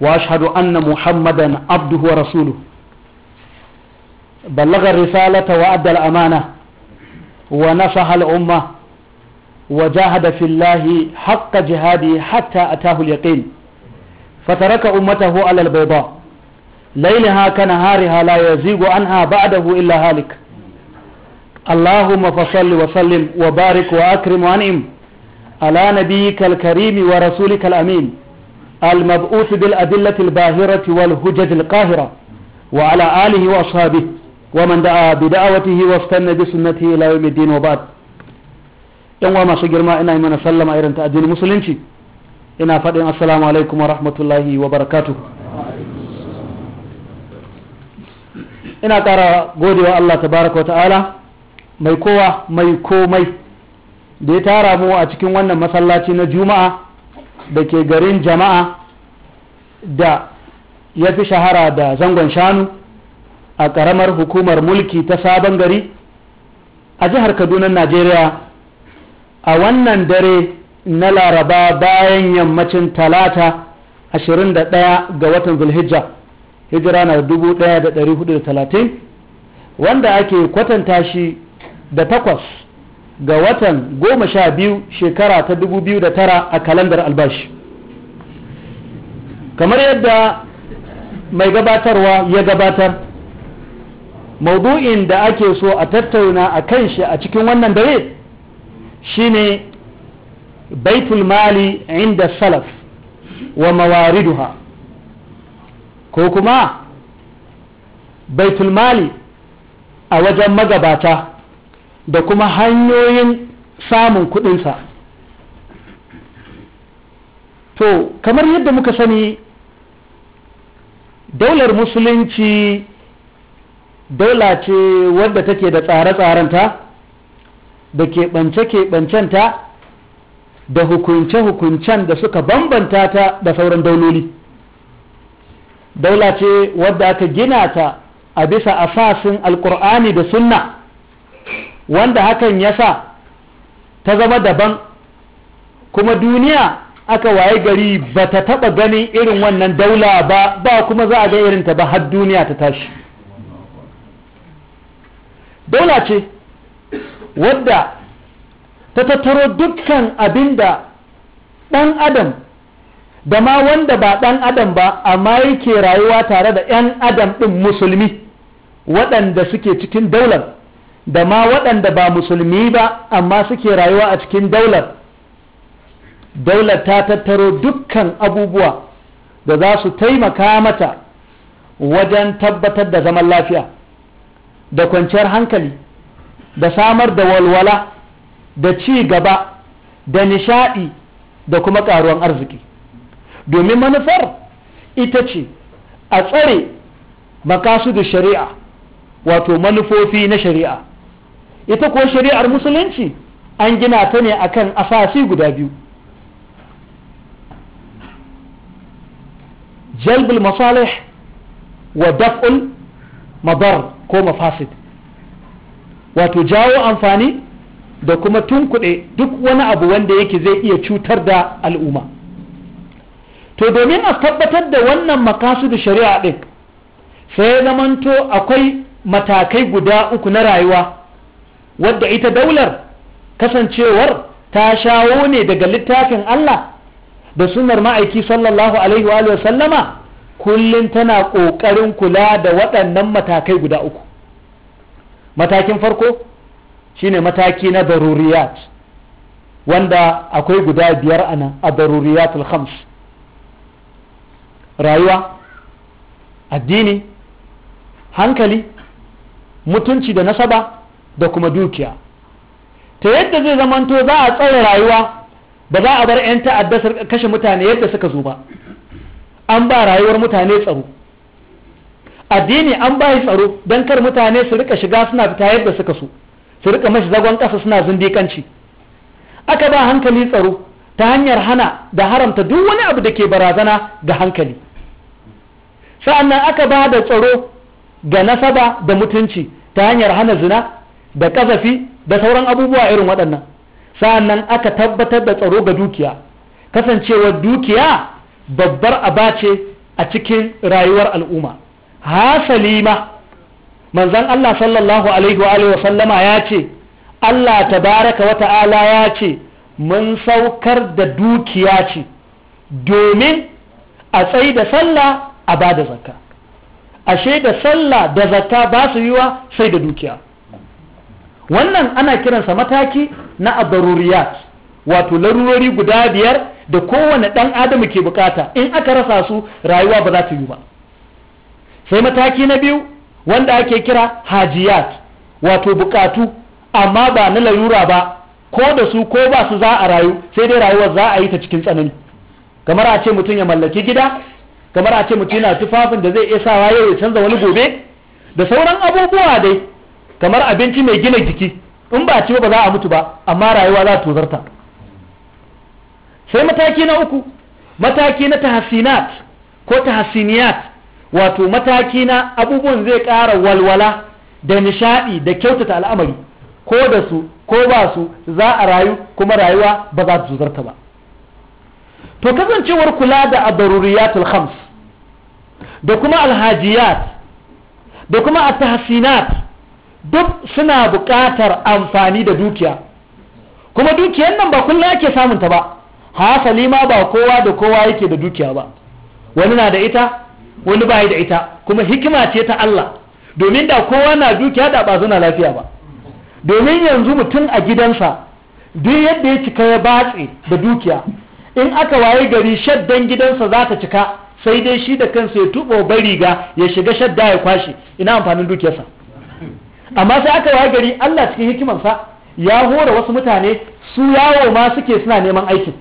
وأشهد أن محمدا عبده ورسوله بلغ الرسالة وأدى الأمانة ونصح الأمة وجاهد في الله حق جهاده حتى أتاه اليقين فترك أمته على البيضاء ليلها كنهارها لا يزيغ عنها بعده إلا هالك اللهم فصل وسلم وبارك وأكرم وأنعم على نبيك الكريم ورسولك الأمين المبعوث بالأدلة الباهرة والهجج القاهرة وعلى آله وأصحابه ومن دعا بدعوته واستنى بسنته إلى يوم الدين وبعد yan wa masu girma ina yi mana sallama irin ta musulunci ina faɗin assalamu alaikum wa rahmatullahi wa barakatuhu ina ƙara godewa Allah tabaraka wa ta'ala mai kowa mai komai da ya tara a cikin wannan masallaci na juma'a da ke garin jama'a da ya fi shahara da zangon shanu a ƙaramar hukumar mulki ta sabon gari a jihar kaduna najeriya a wannan dare na laraba bayan yammacin talata 21 ga watan zulhijja hijira na 1430 wanda ake kwatanta shi da takwas ga watan goma sha biyu shekara ta dubu biyu da tara a kalandar albashi kamar yadda mai gabatarwa ya gabatar maudu'in da ake so a tattauna a kan shi a cikin wannan dare shine baitul mali inda salaf wa mawariduha ko kuma baitul mali a wajen magabata da kuma hanyoyin samun kuɗinsa to kamar yadda muka sani daular musulunci daula ce wadda take da tsare-tsarenta da keɓance-keɓancenta da hukunce-hukuncen da suka bambanta ta da sauran dauloli daula ce wadda aka gina ta a bisa asasin Alƙur'ani da sunna wanda hakan ya sa ta zama daban kuma duniya aka waye gari ba ta taɓa ganin irin wannan daula ba ba kuma za a ga ta ba har duniya ta tashi daula ce wadda ta tattaro dukkan abin da ɗan adam da ma wanda ba ɗan adam ba amma yake rayuwa tare da 'yan adam ɗin musulmi waɗanda suke cikin daular da ma waɗanda ba musulmi ba amma suke rayuwa a cikin daular daular ta tattaro dukkan abubuwa da za su taimaka mata wajen tabbatar da zaman lafiya da kwanciyar hankali da samar da walwala da ci gaba da nishaɗi da kuma ƙaruwan arziki domin manufar ita ce a tsare makasudu shari'a wato manufofi na shari'a ita ko shari'ar musulunci an gina ta ne akan asasi guda biyu jalbul masalih wa daf'ul madar ko mafasid wato jawo amfani da kuma tunkuɗe duk wani abu wanda yake zai iya cutar da al'umma to domin a tabbatar da wannan makasudu shari'a ɗin sai zamanto akwai matakai guda uku na rayuwa wadda ita daular kasancewar ta shawo ne daga littafin Allah da sunar ma'aiki sallallahu alaihi wa sallama kullum tana ƙoƙarin kula da waɗannan matakai guda uku matakin farko shine mataki na daruriyat wanda akwai guda biyar a nan a daruriyatul khams rayuwa addini hankali mutunci da nasaba da kuma dukiya ta yadda zai zamanto za a tsare rayuwa ba za a bar 'yan ta'adda kashe mutane yadda suka zo ba an ba rayuwar mutane tsaro addini an ba yi tsaro don kar mutane su rika shiga suna fita yadda suka so su rika mashi zagon ƙasa suna zindikanci aka ba hankali tsaro ta hanyar hana da haramta duk wani abu da ke barazana ga hankali sa'annan aka ba da tsaro ga nasaba da mutunci ta hanyar hana zina da kasafi da sauran abubuwa irin waɗannan sa'annan aka tabbatar da tsaro ga dukiya kasancewar dukiya babbar aba ce a cikin rayuwar al'umma hasali ma manzon Allah sallallahu alaihi wa alihi wa sallama ya ce Allah tabaraka wa ta'ala ya ce mun saukar da dukiya ce domin a tsayi da sallah a ba da zakka ashe da sallah da zakka ba su yiwa sai da dukiya wannan ana kiransa mataki na adaruriyat wato larurori guda biyar da kowane ɗan adam ke bukata in aka rasa su rayuwa ba za ta yi ba sai mataki na biyu wanda ake kira hajiyat wato bukatu amma ba na larura ba ko da su ko ba su za a rayu sai dai rayuwar za a yi ta cikin tsanani kamar a ce mutum ya mallaki gida kamar a ce mutum yana tufafin da zai iya sawa yau ya canza wani gobe da sauran abubuwa dai kamar abinci mai gina jiki in ba ci ba za a mutu ba amma rayuwa za ta zarta sai mataki na uku mataki na tahassinat ko tahassiniyat wato mataki na abubuwan zai ƙara walwala da nishaɗi da kyautata al'amari ko da su ko ba su za a rayu kuma rayuwa ba za ta zarta ba to kasancewar kula da adaruriyatul khams da kuma alhajiyat da kuma at-tahsinat duk suna buƙatar amfani da dukiya kuma dukiyar nan ba kullum ake samunta ba hasali ma ba kowa da kowa yake da dukiya ba wani na da ita wani bai da ita kuma hikima ce ta Allah domin da kowa na dukiya da ba zuna lafiya ba domin yanzu mutum a gidansa duk yadda ya cika ya batse da dukiya in aka waye gari shaddan gidansa za ta cika sai dai shi da kansa ya tubo bariga ya shiga shadda ya kwashe ina amfanin dukiyarsa amma sai aka waye gari Allah cikin hikimarsa ya hore wasu mutane su yawo ma suke suna neman aikin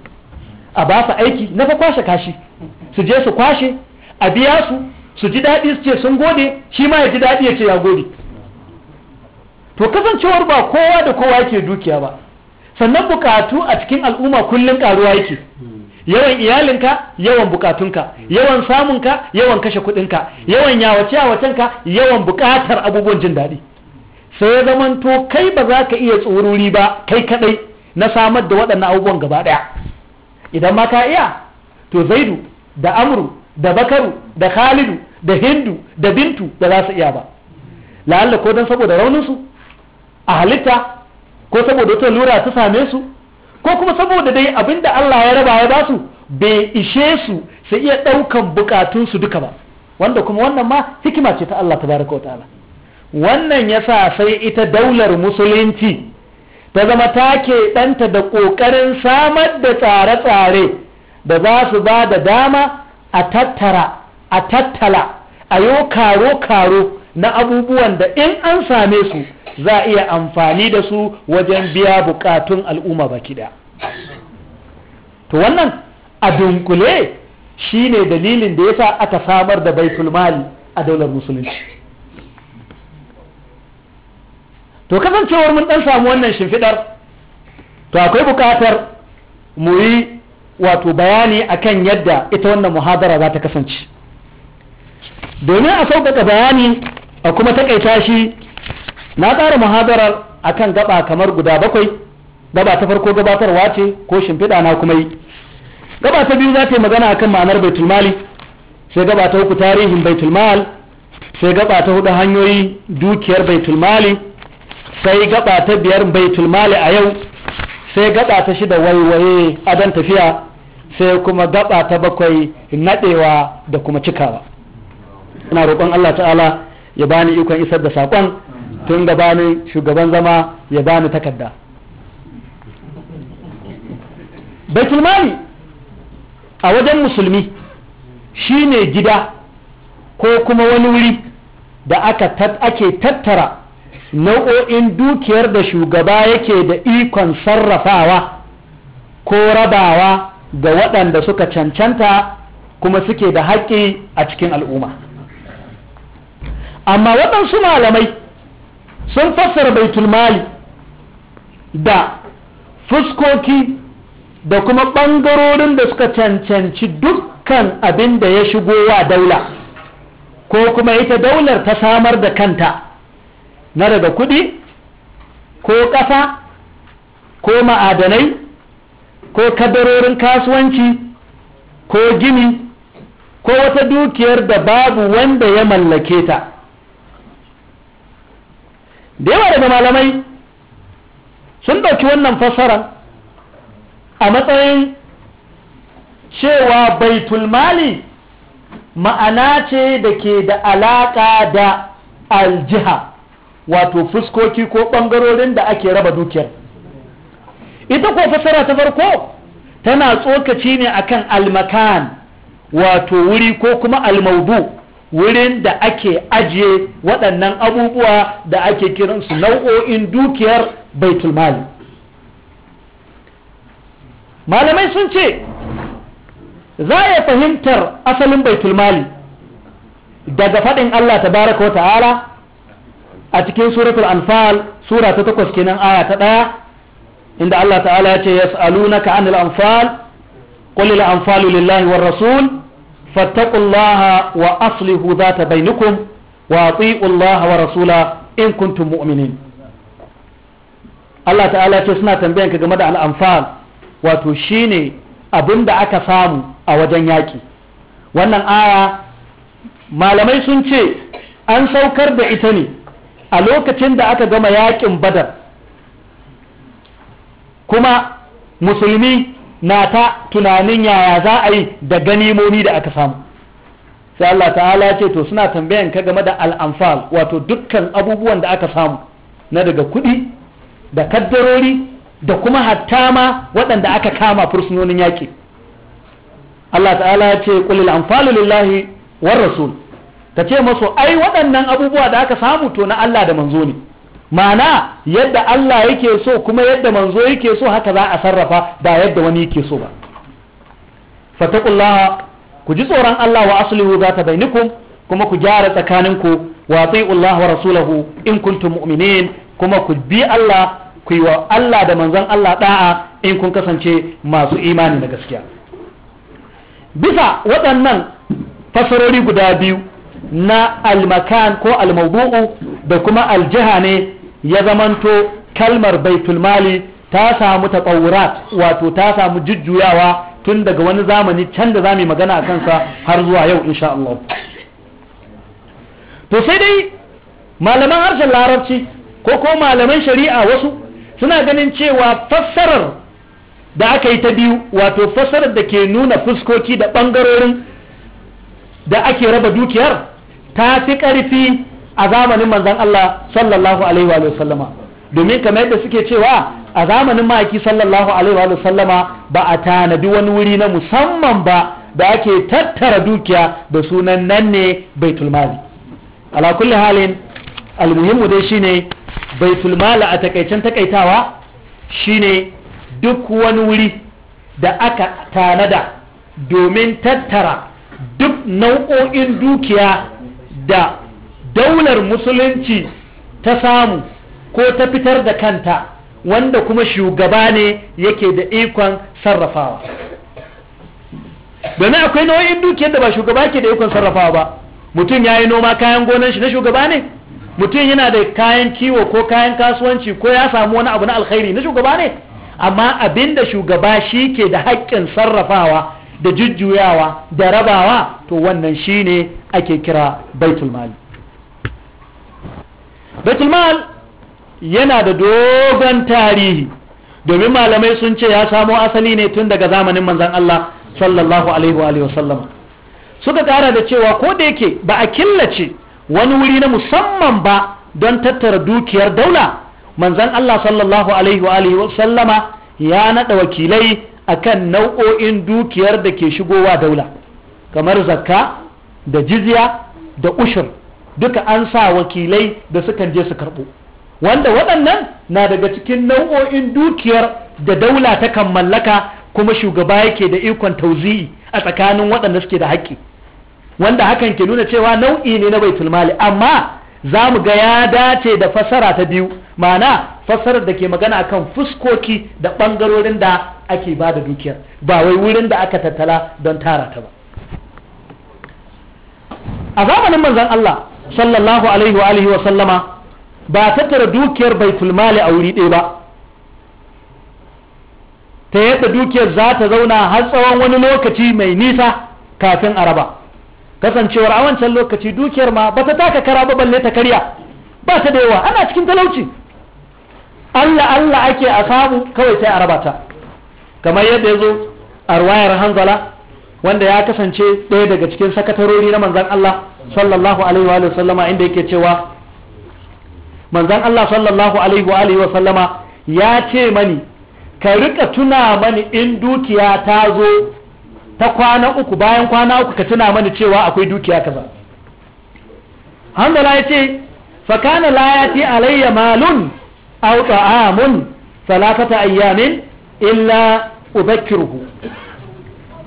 a ba su aiki na fa kwashe kashi su je su kwashe a biya su su ji daɗi su ce sun gode shi ma ya ji daɗi ya ce ya gode to kasancewar ba kowa da kowa yake dukiya ba sannan bukatu a cikin al'umma kullum karuwa yake yawan iyalinka yawan bukatunka yawan samunka yawan kashe kudinka yawan yawace yawacenka yawan bukatar abubuwan jin daɗi sai ya zamanto kai ba za ka iya tsoruri ba kai kadai na samar da waɗannan abubuwan gaba ɗaya idan ma ka iya to zaidu da amru da bakaru da khalidu da hindu da bintu ba za su iya ba la'alla ko don saboda rauninsu a halitta ko saboda wata lura ta same su ko kuma saboda dai abinda Allah ya raba ya basu bai ishe su su iya ɗaukan bukatunsu duka ba wanda kuma wannan ma hikima ce ta Allah tabaraka wa ta'ala wannan ya sa sai ita daular musulunci ta zama ta ɗanta da ƙoƙarin samar da tsare-tsare da za su ba da dama a tattara a tattala a yo karo-karo na abubuwan da in an same su za a iya amfani da su wajen biya buƙatun al'umma baki kiɗa. to wannan a dunkule shine dalilin da ya yasa aka samar da baitulmali a daular musulunci to kasancewar mun dan samu wannan shimfidar to akwai bukatar mu yi wato bayani akan yadda ita wannan muhadara za ta kasance domin a sauƙaƙa bayani a kuma taƙaita shi na tsara muhadarar akan gaba kamar guda bakwai gaba ta farko gabatarwa ce ko shimfiɗa na kuma yi gaba ta biyu za ta yi magana akan ma'anar baitulmali sai gaba ta uku tarihin baitulmal sai gaba ta hudu hanyoyi dukiyar baitulmali sai gaba ta biyar baitul mali a yau sai gaba ta shida waiwaye dan tafiya sai kuma gaba ta bakwai nadewa da kuma cikawa ina roƙon Allah ta'ala ya bani ikon isar da saƙon tun gabanin shugaban zama ya bani takarda baitul mali a wajen musulmi shine gida ko kuma wani wuri da aka ake tattara nau'o'in dukiyar da shugaba yake da ikon sarrafawa ko rabawa ga waɗanda suka cancanta kuma suke da haƙƙi a cikin al'umma amma waɗansu malamai sun fassara baitul mali da fuskoki da kuma ɓangarorin da suka cancanci dukkan abin da ya shigo wa daula ko kuma ita daular ta samar da kanta na daga kuɗi ko ƙasa ko ma'adanai ko kadarorin kasuwanci ko gini ko wata dukiyar da babu wanda ya mallake ta da yawa daga malamai sun ɗauki wannan fassara a matsayin cewa baitulmali ma'ana ce da ke da alaƙa da aljiha wato fuskoki ko ɓangarorin da ake raba dukiyar ita ko fasara ta farko tana tsokaci ne akan almakan wato wuri ko kuma almaudu wurin da ake ajiye waɗannan abubuwa da ake kiransu nau'o'in dukiyar baitulmali malamai sun ce za a fahimtar asalin baitulmali daga faɗin Allah baraka wa ta'ala a cikin suratul anfal sura ta takwas kenan aya ta ɗaya inda Allah ta'ala ya ce yas'alunaka anil anfal qul lil anfalu lillahi war rasul fattaqullaha wa aslihu dhata bainakum wa atii'u Allah wa rasula in kuntum mu'minin Allah ta'ala ce suna tambayan ka game da al'amfal wato shine abin da aka samu a wajen yaƙi wannan aya malamai sun ce an saukar da ita ne a lokacin da aka gama yakin badar kuma musulmi na ta tunanin yaya za a yi da ganimomi da aka samu sai Allah ta'ala ce to suna tambayan ka game da al'amfal wato dukkan abubuwan da aka samu na daga kuɗi da kaddarori da kuma hatta ma waɗanda aka kama fursunonin yaƙi Allah ta'ala ya ce kulil anfalu lillahi war rasul ka ce masu ai waɗannan abubuwa da aka samu to na Allah da manzo ne Ma'ana yadda Allah yake so kuma yadda manzo yake so haka za a sarrafa ba yadda wani yake so ba fatakullaha ku ji tsoron Allah wa aslihu za ta bainikum kuma ku gyara tsakaninku wa Allah wa rasulahu in kuntum mu'minin kuma ku bi Allah ku yi wa Allah da manzon Allah da'a in kun kasance masu imani na gaskiya bisa waɗannan fasarori guda biyu na almakan ko almawdu'u da kuma aljiha ne ya zamanto kalmar baitul mali ta samu taqawurat wato ta samu jujjuyawa tun daga wani zamani can da zamu magana a kansa har zuwa yau insha Allah to sai dai malaman harshen larabci ko ko malaman shari'a wasu suna ganin cewa fassarar da aka yi ta biyu wato fassarar da ke nuna fuskoki da bangarorin da ake raba dukiyar ta fi ƙarfi a zamanin Manzan Allah sallallahu alaihi wa sallama domin kamar yadda suke cewa a zamanin ma'aiki sallallahu alaihi wa sallama ba a tanadi wani wuri na musamman ba da ake tattara dukiya da sunan nan ne baitul mali ala kulli halin almuhimmu dai shine baitul mali a takaicen takaitawa shine duk wani wuri da aka tanada domin tattara duk nau'o'in dukiya da daular musulunci ta samu ko ta fitar da kanta wanda kuma shugaba ne yake da ikon sarrafawa domin akwai nau'in dukiyar da ba shugaba ke da ikon sarrafawa ba mutum ya yi noma kayan gonan shi na shugaba ne mutum yana da kayan kiwo ko kayan kasuwanci ko ya samu wani abu na alkhairi na shugaba ne amma abinda shugaba shi ke da haƙƙin sarrafawa da jujjuyawa da rabawa to wannan shine ake kira baitul mal baitul mal yana da dogon tarihi domin malamai sun ce ya samo asali ne tun daga zamanin manzon Allah sallallahu alaihi wa sallam suka kara da cewa ko da yake ba a killace wani wuri na musamman ba don tattara dukiyar daula manzon Allah sallallahu alaihi wa sallama ya nada wakilai akan nau'o'in dukiyar da ke shigowa daula kamar zakka da jizya da ushur duka an sa wakilai da sukan je su karɓo wanda waɗannan na daga cikin nau'o'in dukiyar da daula ta kan mallaka kuma shugaba yake da ikon tauzi'i a tsakanin waɗanda suke da haƙƙi wanda hakan ke nuna cewa nau'i ne na baitulmali amma za mu ga ya dace da fasara ta biyu ma'ana fasarar da ke magana akan fuskoki da ɓangarorin da ake ba da dukiyar ba wai wurin da aka tattala don tara ta ba a zamanin manzon Allah sallallahu alaihi wa alihi wa sallama ba tattara dukiyar bai mali a wuri ɗaya ba ta yadda dukiyar za ta zauna har tsawon wani lokaci mai nisa kafin araba kasancewar a wancan lokaci dukiyar ma ba ta taka kara ba balle ta karya ba ta da yawa ana cikin talauci Allah Allah ake a samu kawai sai a raba ta kamar yadda ya zo a ruwayar hanzala wanda ya kasance ɗaya daga cikin sakatarori na manzan Allah sallallahu alaihi wa sallama inda yake cewa manzan Allah sallallahu alaihi wa sallama ya ce mani ka rika tuna mani in dukiya ta zo ta kwana uku bayan kwana uku ka tuna mani cewa akwai dukiya kaza hamdala ya ce fakana la ya alayya malun aw ta'amun salatata ayyamin illa ubakkiruhu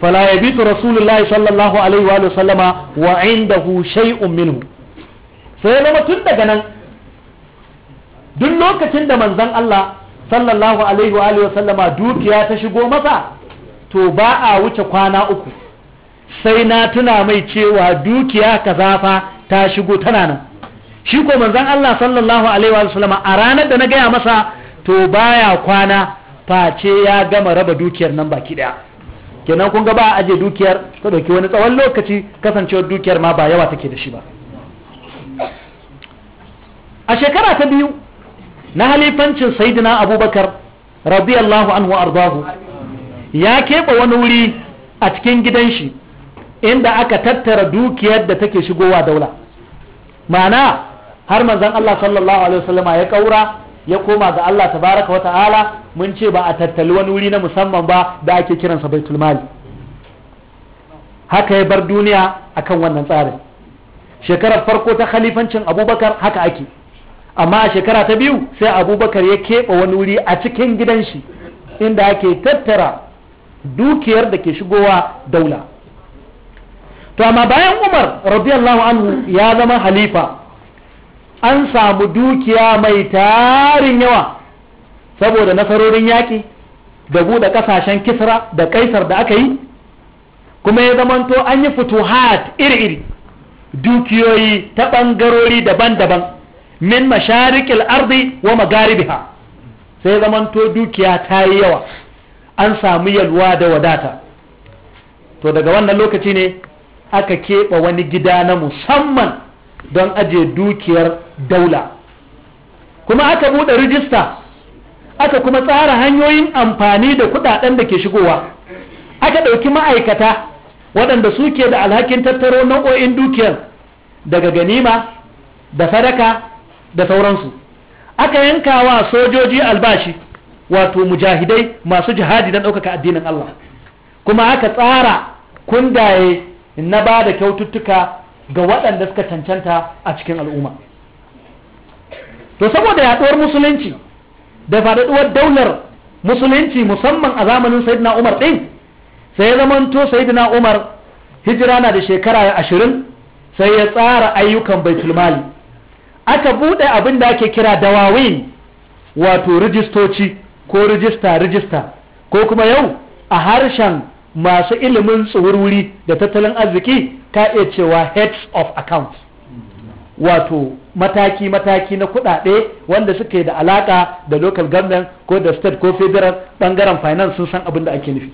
fala yabitu rasulullahi sallallahu alaihi wa sallama wa indahu shay'un minhu sai zama tun daga nan duk lokacin da manzon Allah sallallahu alaihi wa sallama dukiya ta shigo masa to ba a wuce kwana uku sai na tuna mai cewa dukiya kaza fa ta shigo tana nan shi ko manzon Allah sallallahu alaihi wa sallama a ranar da na gaya masa to baya kwana face ya gama raba dukiyar nan baki daya kenan kun ga ba aje dukiyar ta dauki wani tsawon lokaci kasancewar dukiyar ma ba yawa take da shi ba a shekara ta biyu na halifancin sayyidina abubakar radiyallahu anhu ardahu ya keɓe wani wuri a cikin gidan shi inda aka tattara dukiyar da take shigowa daula ma'ana har manzon Allah sallallahu alaihi wasallama ya ƙaura ya koma ga Allah tabaraka wa ta'ala mun ce ba a tattali wani wuri na musamman ba da ake kiransa baitul mali haka ya bar duniya akan wannan tsarin shekarar farko ta khalifancin abubakar haka ake amma a shekara ta biyu sai abubakar ya keɓe wani wuri a cikin gidan shi inda ake tattara dukiyar da ke shigowa daula to amma bayan umar radiyallahu anhu ya zama halifa an samu dukiya mai tarin yawa saboda nasarorin yaƙi da buɗe ƙasashen kisra da ƙaisar da aka yi kuma ya zamanto an yi fituhat iri-iri dukiyoyi ta ɓangarori daban-daban min masharikil ardi wa magaribiha sai zamanto dukiya ta yi yawa an samu yalwa da wadata to daga wannan lokaci ne aka keɓe wani gida na musamman don ajiye dukiyar daula kuma aka buɗe rijista aka kuma tsara hanyoyin amfani da kuɗaɗen da ke shigowa aka ɗauki ma'aikata waɗanda suke da alhakin tattaro nau'o'in dukiyar daga ganima da sadaka da sauransu aka yanka wa sojoji albashi wato mujahidai masu jihadi don ɗaukaka addinin Allah kuma aka tsara kundaye na ba da kyaututtuka ga waɗanda suka cancanta a cikin al'umma to saboda yaɗuwar musulunci da faɗaɗuwar daular musulunci musamman a zamanin sayidina umar ɗin sai ya zamanto sayidina umar hijira na da shekara ya ashirin sai ya tsara ayyukan baitulmali aka buɗe abin da ake kira dawawin wato rijistoci ko rijista rijista ko kuma yau a harshen masu ilimin tsuwurwuri da tattalin arziki ka iya cewa heads of account wato mataki-mataki na kudade wanda suke da alaka da local government ko da state ko federal bangaren finance sun san abin da ake nufi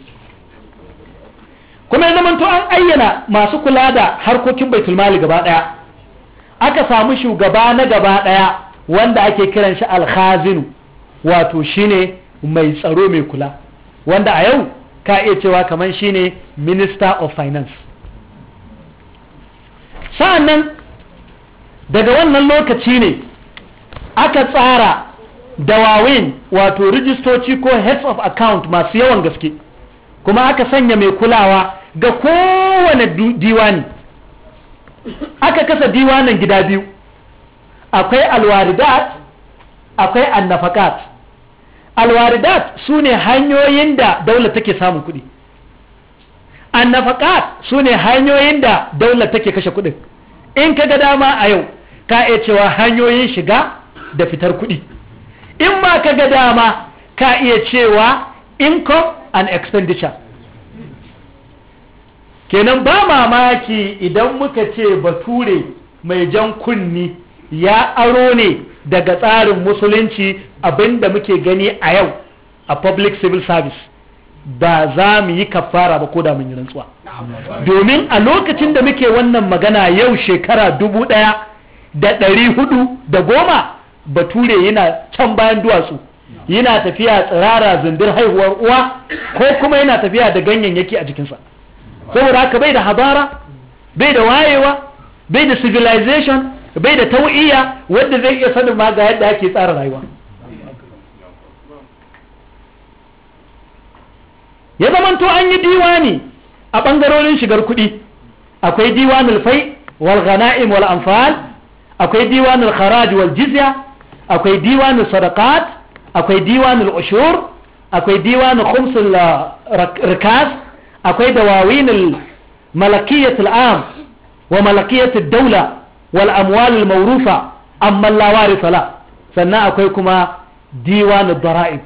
kuma ya zamanto an ayyana masu kula da harkokin baitulmali gaba daya aka samu shugaba na gaba daya wanda ake kiran shi alhazinu wato shine mai tsaro mai kula wanda a yau ka iya cewa kamar shine minister of finance sa'annan daga wannan lokaci ne aka tsara dawawin wato rijistoci ko heads of account masu yawan gaske kuma aka sanya mai kulawa ga kowane diwani aka kasa diwanan gida biyu akwai alwaridat akwai annafakat alwaridat su ne hanyoyin da daular take samun kuɗi annafaƙat su ne hanyoyin da daular take kashe kuɗi. in ka ga dama a yau ka iya cewa hanyoyin shiga da fitar kuɗi in ma ka ga dama ka iya cewa income and expenditure kenan ba mamaki idan muka ce bature mai jan kunni ya aro ne daga tsarin musulunci abinda muke gani a yau a public civil service ba za mu yi kafara ba ko da mun yi rantsuwa domin a lokacin da muke wannan magana yau shekara dubu ɗaya da ɗari hudu da goma bature yana can bayan duwatsu yana tafiya tsirara zindir haihuwar uwa ko kuma yana tafiya da ganyayyaki a jikinsa saboda haka bai da habara bai da wayewa bai da civilization bai da tau'iya wanda zai iya sanin ma ga yadda ake tsara rayuwa ya zamanto an yi diwani a bangarorin shigar kudi akwai diwanul fai wal ghana'im wal anfal akwai diwanul kharaj wal jizya akwai diwanul sadaqat akwai diwanul ushur akwai diwanul khumsul rikas akwai dawawinul malakiyatul am wa malakiyatul dawla wal amwalul mawrufa amma la sannan akwai kuma diwanu dara'ib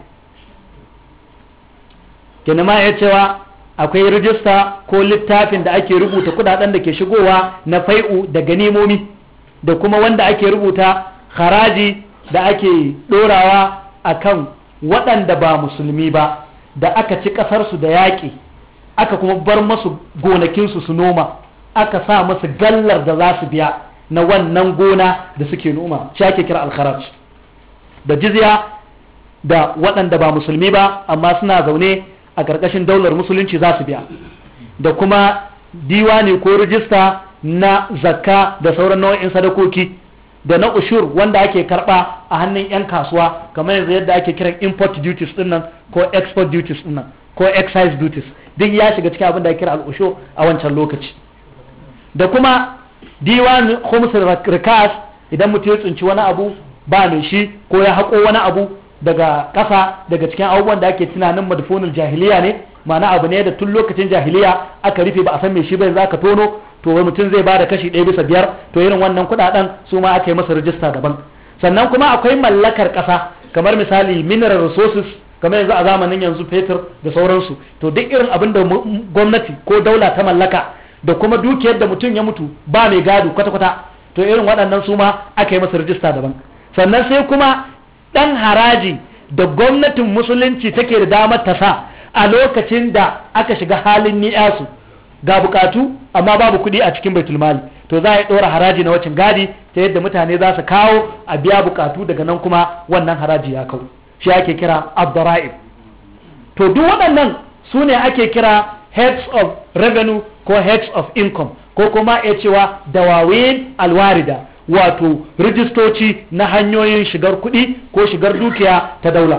kenan ma ya cewa akwai rijista ko littafin da ake rubuta kudaden da ke shigowa na fai'u da ganimomi da kuma wanda ake rubuta haraji da ake dorawa akan waɗanda ba musulmi ba da aka ci ƙasarsu da yaƙi aka kuma bar masu gonakinsu su noma aka sa masu gallar da za su biya na wannan gona da suke noma shi ake kira alkharaj da jizya da waɗanda ba musulmi ba amma suna zaune a ƙarƙashin daular musulunci za su biya da kuma ne ko rijista na zakka da sauran nau'in sadakoki da na ushur wanda ake karɓa a hannun 'yan kasuwa kamar yanzu yadda ake kiran import duties din nan ko export duties din nan ko excise duties duk ya shiga cikin abin da ake kira al'usho a wancan lokaci da kuma diwan khumsul rikas idan mutum ya tsinci wani abu ba ne shi ko ya hako wani abu daga ƙasa daga cikin abubuwan da ake tunanin madfunul jahiliya ne ma'ana abu ne da tun lokacin jahiliya aka rufe ba a san me shi bai zaka tono to wai mutum zai bada kashi ɗaya bisa biyar to irin wannan kuɗaɗen su ma aka yi masa rijista daban sannan kuma akwai mallakar ƙasa kamar misali mineral resources kamar yanzu a zamanin yanzu fetur da sauransu to duk irin abin da gwamnati ko daula ta mallaka da kuma dukiyar da mutum ya mutu ba mai gado kwata-kwata to irin waɗannan suma aka yi masa rijista daban sannan sai kuma ɗan haraji da gwamnatin musulunci take da damar ta sa a lokacin da aka shiga halin ni'asu ga bukatu amma babu kuɗi a cikin baitulmali to za a yi ɗora haraji na wacin gadi ta yadda mutane za su kawo a biya bukatu daga nan kuma wannan haraji ya kawo shi ake kira abdara'ib to duk waɗannan su ne ake kira heads of revenue ko heads of income ko kuma ya cewa dawawin alwarida wato rijistoci na hanyoyin shigar kuɗi ko shigar dukiya ta daula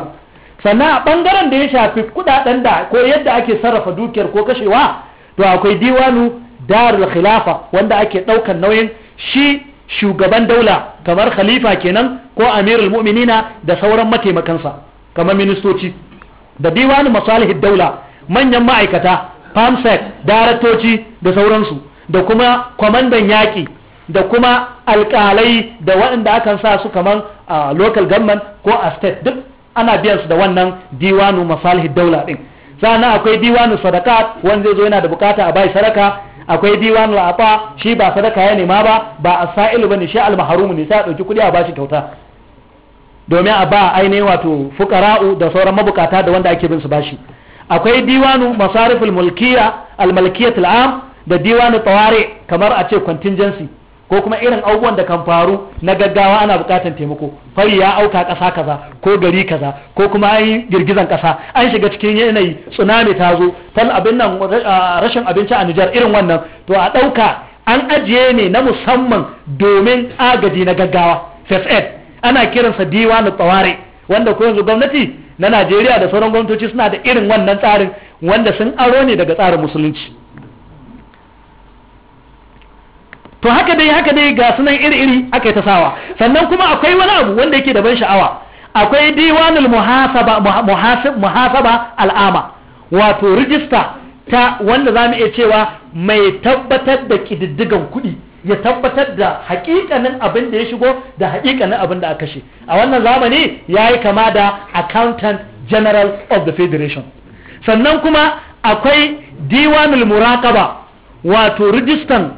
sannan a ɓangaren da ya shafi kuɗaɗen da ko yadda ake sarrafa dukiyar ko kashewa to akwai diwanu darul khilafa wanda ake ɗaukan nauyin shi shugaban daula kamar khalifa kenan ko amirul mu'minina da sauran mataimakansa kamar ministoci da diwanu masalihid daula manyan ma'aikata famsec daraktoci da sauransu da kuma kwamandan yaƙi da kuma alƙalai da waɗanda akan sa su kamar a local government ko a state duk ana biyan su da wannan diwanu masalihid daula din sana akwai diwanu sadaka wanda zai zo yana da bukata a bai sadaka akwai diwanu al'ata shi ba sadaka ya nema ba ba a sa'ilu bane shi almaharumu ne sai a dauki kudi a bashi kyauta domin a ba ainihin wato fukara'u da sauran mabukata da wanda ake bin su bashi akwai diwanu masariful mulkiya al am da diwanu tawari kamar a ce contingency ko kuma irin abubuwan da kan faru na gaggawa ana bukatan taimako fari ya auka ƙasa kaza ko gari kaza ko kuma an yi girgizan ƙasa an shiga cikin yanayi tsunami ta zo tal abin nan rashin abinci a Nijar irin wannan to a ɗauka an ajiye ne na musamman domin agaji na gaggawa first aid ana kiransa diwanu tawari wanda ko yanzu gwamnati na Najeriya da sauran gwamnatoci suna da irin wannan tsarin wanda sun aro ne daga tsarin musulunci to haka dai haka dai ga sunan iri-iri aka yi ta sawa sannan kuma akwai wani abu wanda yake da ban sha'awa akwai diwanul muhasaba muhasaba al'ama wato rijista ta wanda za mu iya cewa mai tabbatar da ƙididdigan kuɗi ya tabbatar da hakikanin abin da ya shigo da hakikanin abin da aka shi a wannan zamani ya yi kama da accountant general of the federation sannan kuma akwai diwanul muraqaba wato rijistan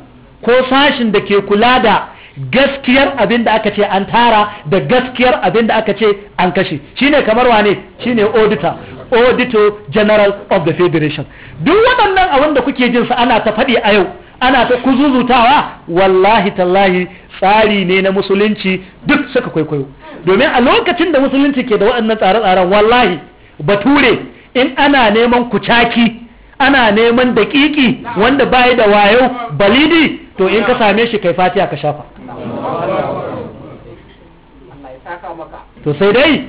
ko sashin da ke kula da gaskiyar abin da aka ce an tara da gaskiyar abin da aka ce an kashe shine kamar wane shine auditor auditor general of the federation duk waɗannan abin da kuke jinsa ana ta faɗi a yau ana ta kuzuzutawa wallahi tallahi tsari ne na musulunci duk suka kwaikwayo domin a lokacin da musulunci ke da waɗannan tsare-tsaren wallahi bature in ana neman kucaki ana neman daƙiƙi, wanda bayi da wayo balidi to in ka same shi kai fatiya ka shafa to sai dai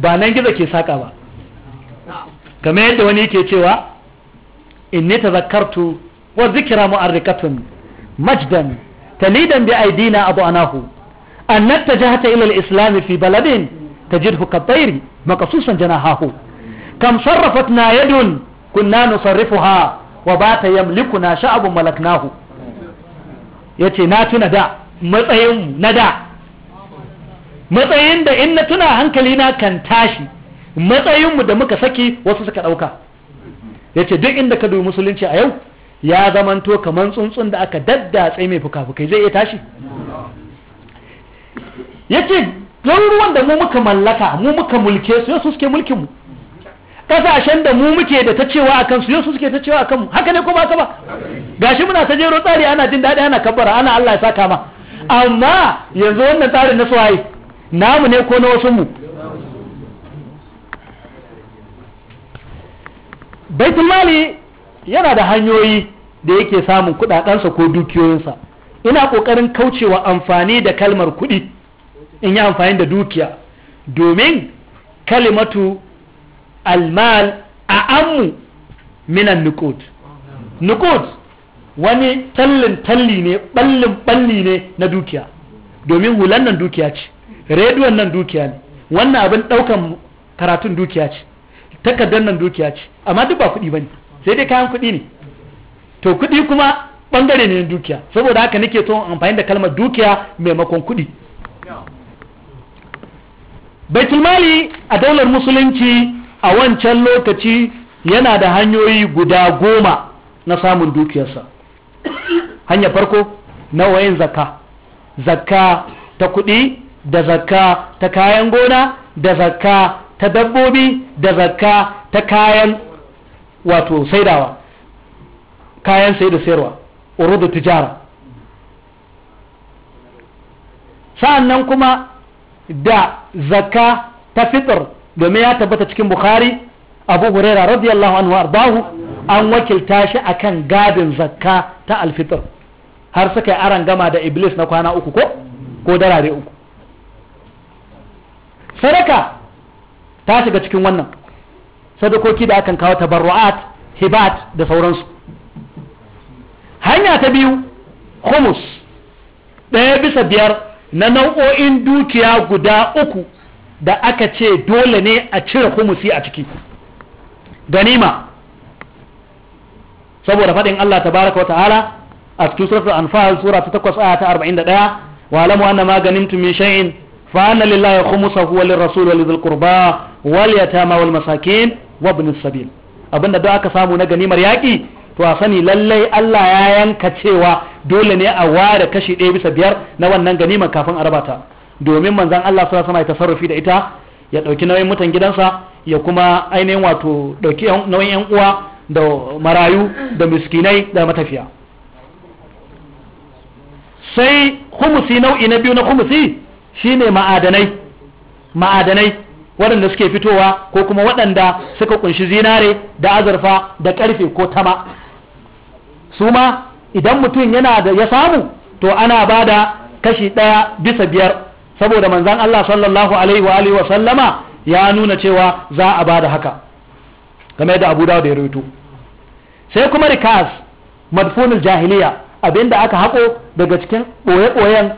ba nan gizo ke saka ba kamar yadda wani ke cewa in ne tazakkartu وذكرى مؤرقة مجدا تليدا بأيدينا أضعناه أن نتجهت إلى الإسلام في بلد تجده كالطير مقصوصا جناحه كم صرفتنا يد كنا نصرفها وبات يملكنا شعب ملكناه yace na tuna da matsayin na da matsayin da in na tuna hankali na kan tashi matsayinmu da muka saki wasu suka ɗauka yace duk inda ka dubi musulunci a yau ya zamanto kamar tsuntsun da aka daddatse mai fuka-fukai zai iya tashi yake ruwan da mu muka mallaka mu muka mulke su yasu suke mulkin mu kasashen da mu muke da ta cewa a kansu su suke ta cewa a kanmu haka ne kuma haka ba gashi muna ta jero tsari ana jin daɗi ana kabbara ana Allah ya sa kama. amma yanzu wannan tsarin na suwaye namu ne ko na wasu mu baitul mali yana da hanyoyi da yake samun kuɗaɗensa ko dukiyoyinsa ina ƙoƙarin kaucewa amfani da kalmar kuɗi in yi amfani da dukiya domin kalimatu almal a ammu minan nukud nukud wani tallin talli ne ballin balli ne na dukiya domin hulan nan dukiya ce rediyon nan dukiya ne wannan abin daukan karatun dukiya ce takardar nan dukiya ce amma duk ba kuɗi ba ne sai dai kayan kuɗi ne to kuɗi kuma ɓangare ne na dukiya saboda haka nake son amfani da kalmar dukiya maimakon kuɗi baitulmali a daular musulunci a wancan lokaci yana da hanyoyi guda goma na samun dukiyarsa hanya farko na wayan zakka zakka ta kuɗi da zakka ta kayan gona da zakka ta dabbobi da zakka ta kayan wato saidawa kayan sai da sayarwa da tijara sa'annan kuma da zakka ta fitar domin ya tabbata cikin bukhari abu huraira radiyallahu anhu ardahu an wakilta shi akan gadin zakka ta alfitar har suka yi aran gama da iblis na kwana uku ko ko darare uku sadaka ta shiga cikin wannan sadakoki da akan kawo tabarru'at hibat da sauransu hanya ta biyu humus ɗaya bisa biyar na nau'o'in dukiya guda uku da aka ce dole ne a cire humusi a ciki ganima saboda faɗin Allah tabaraka wa ta'ala a cikin suratul anfal sura ta 8 aya ta 41 wa alamu anna ma ganimtum min shay'in fa anna lillahi khumsahu wa lirrasul wa lidhil qurba wal yatama wal masakin wa ibn sabil abinda da aka samu na ganimar yaƙi to a sani lallai Allah ya yanka cewa dole ne a ware kashi ɗaya bisa biyar na wannan ganimar kafin a rabata. domin manzan Allah sallallahu sama ya tasarrufi da ita ya ɗauki nauyin mutan gidansa ya kuma ainihin wato ɗauki nauyin yan uwa da marayu da miskinai da matafiya sai humusi nau'i na biyu na humusi shine ma'adanai ma'adanai waɗanda suke fitowa ko kuma waɗanda suka kunshi zinare da azurfa da ƙarfe ko tama su ma idan mutum yana da ya samu to ana ba da kashi ɗaya bisa biyar saboda manzan Allah sallallahu alaihi wa sallama ya nuna cewa za a ba da haka game da abu da ya sai kuma rikas madfunul jahiliya abinda aka haƙo daga cikin ɓoye-ɓoyen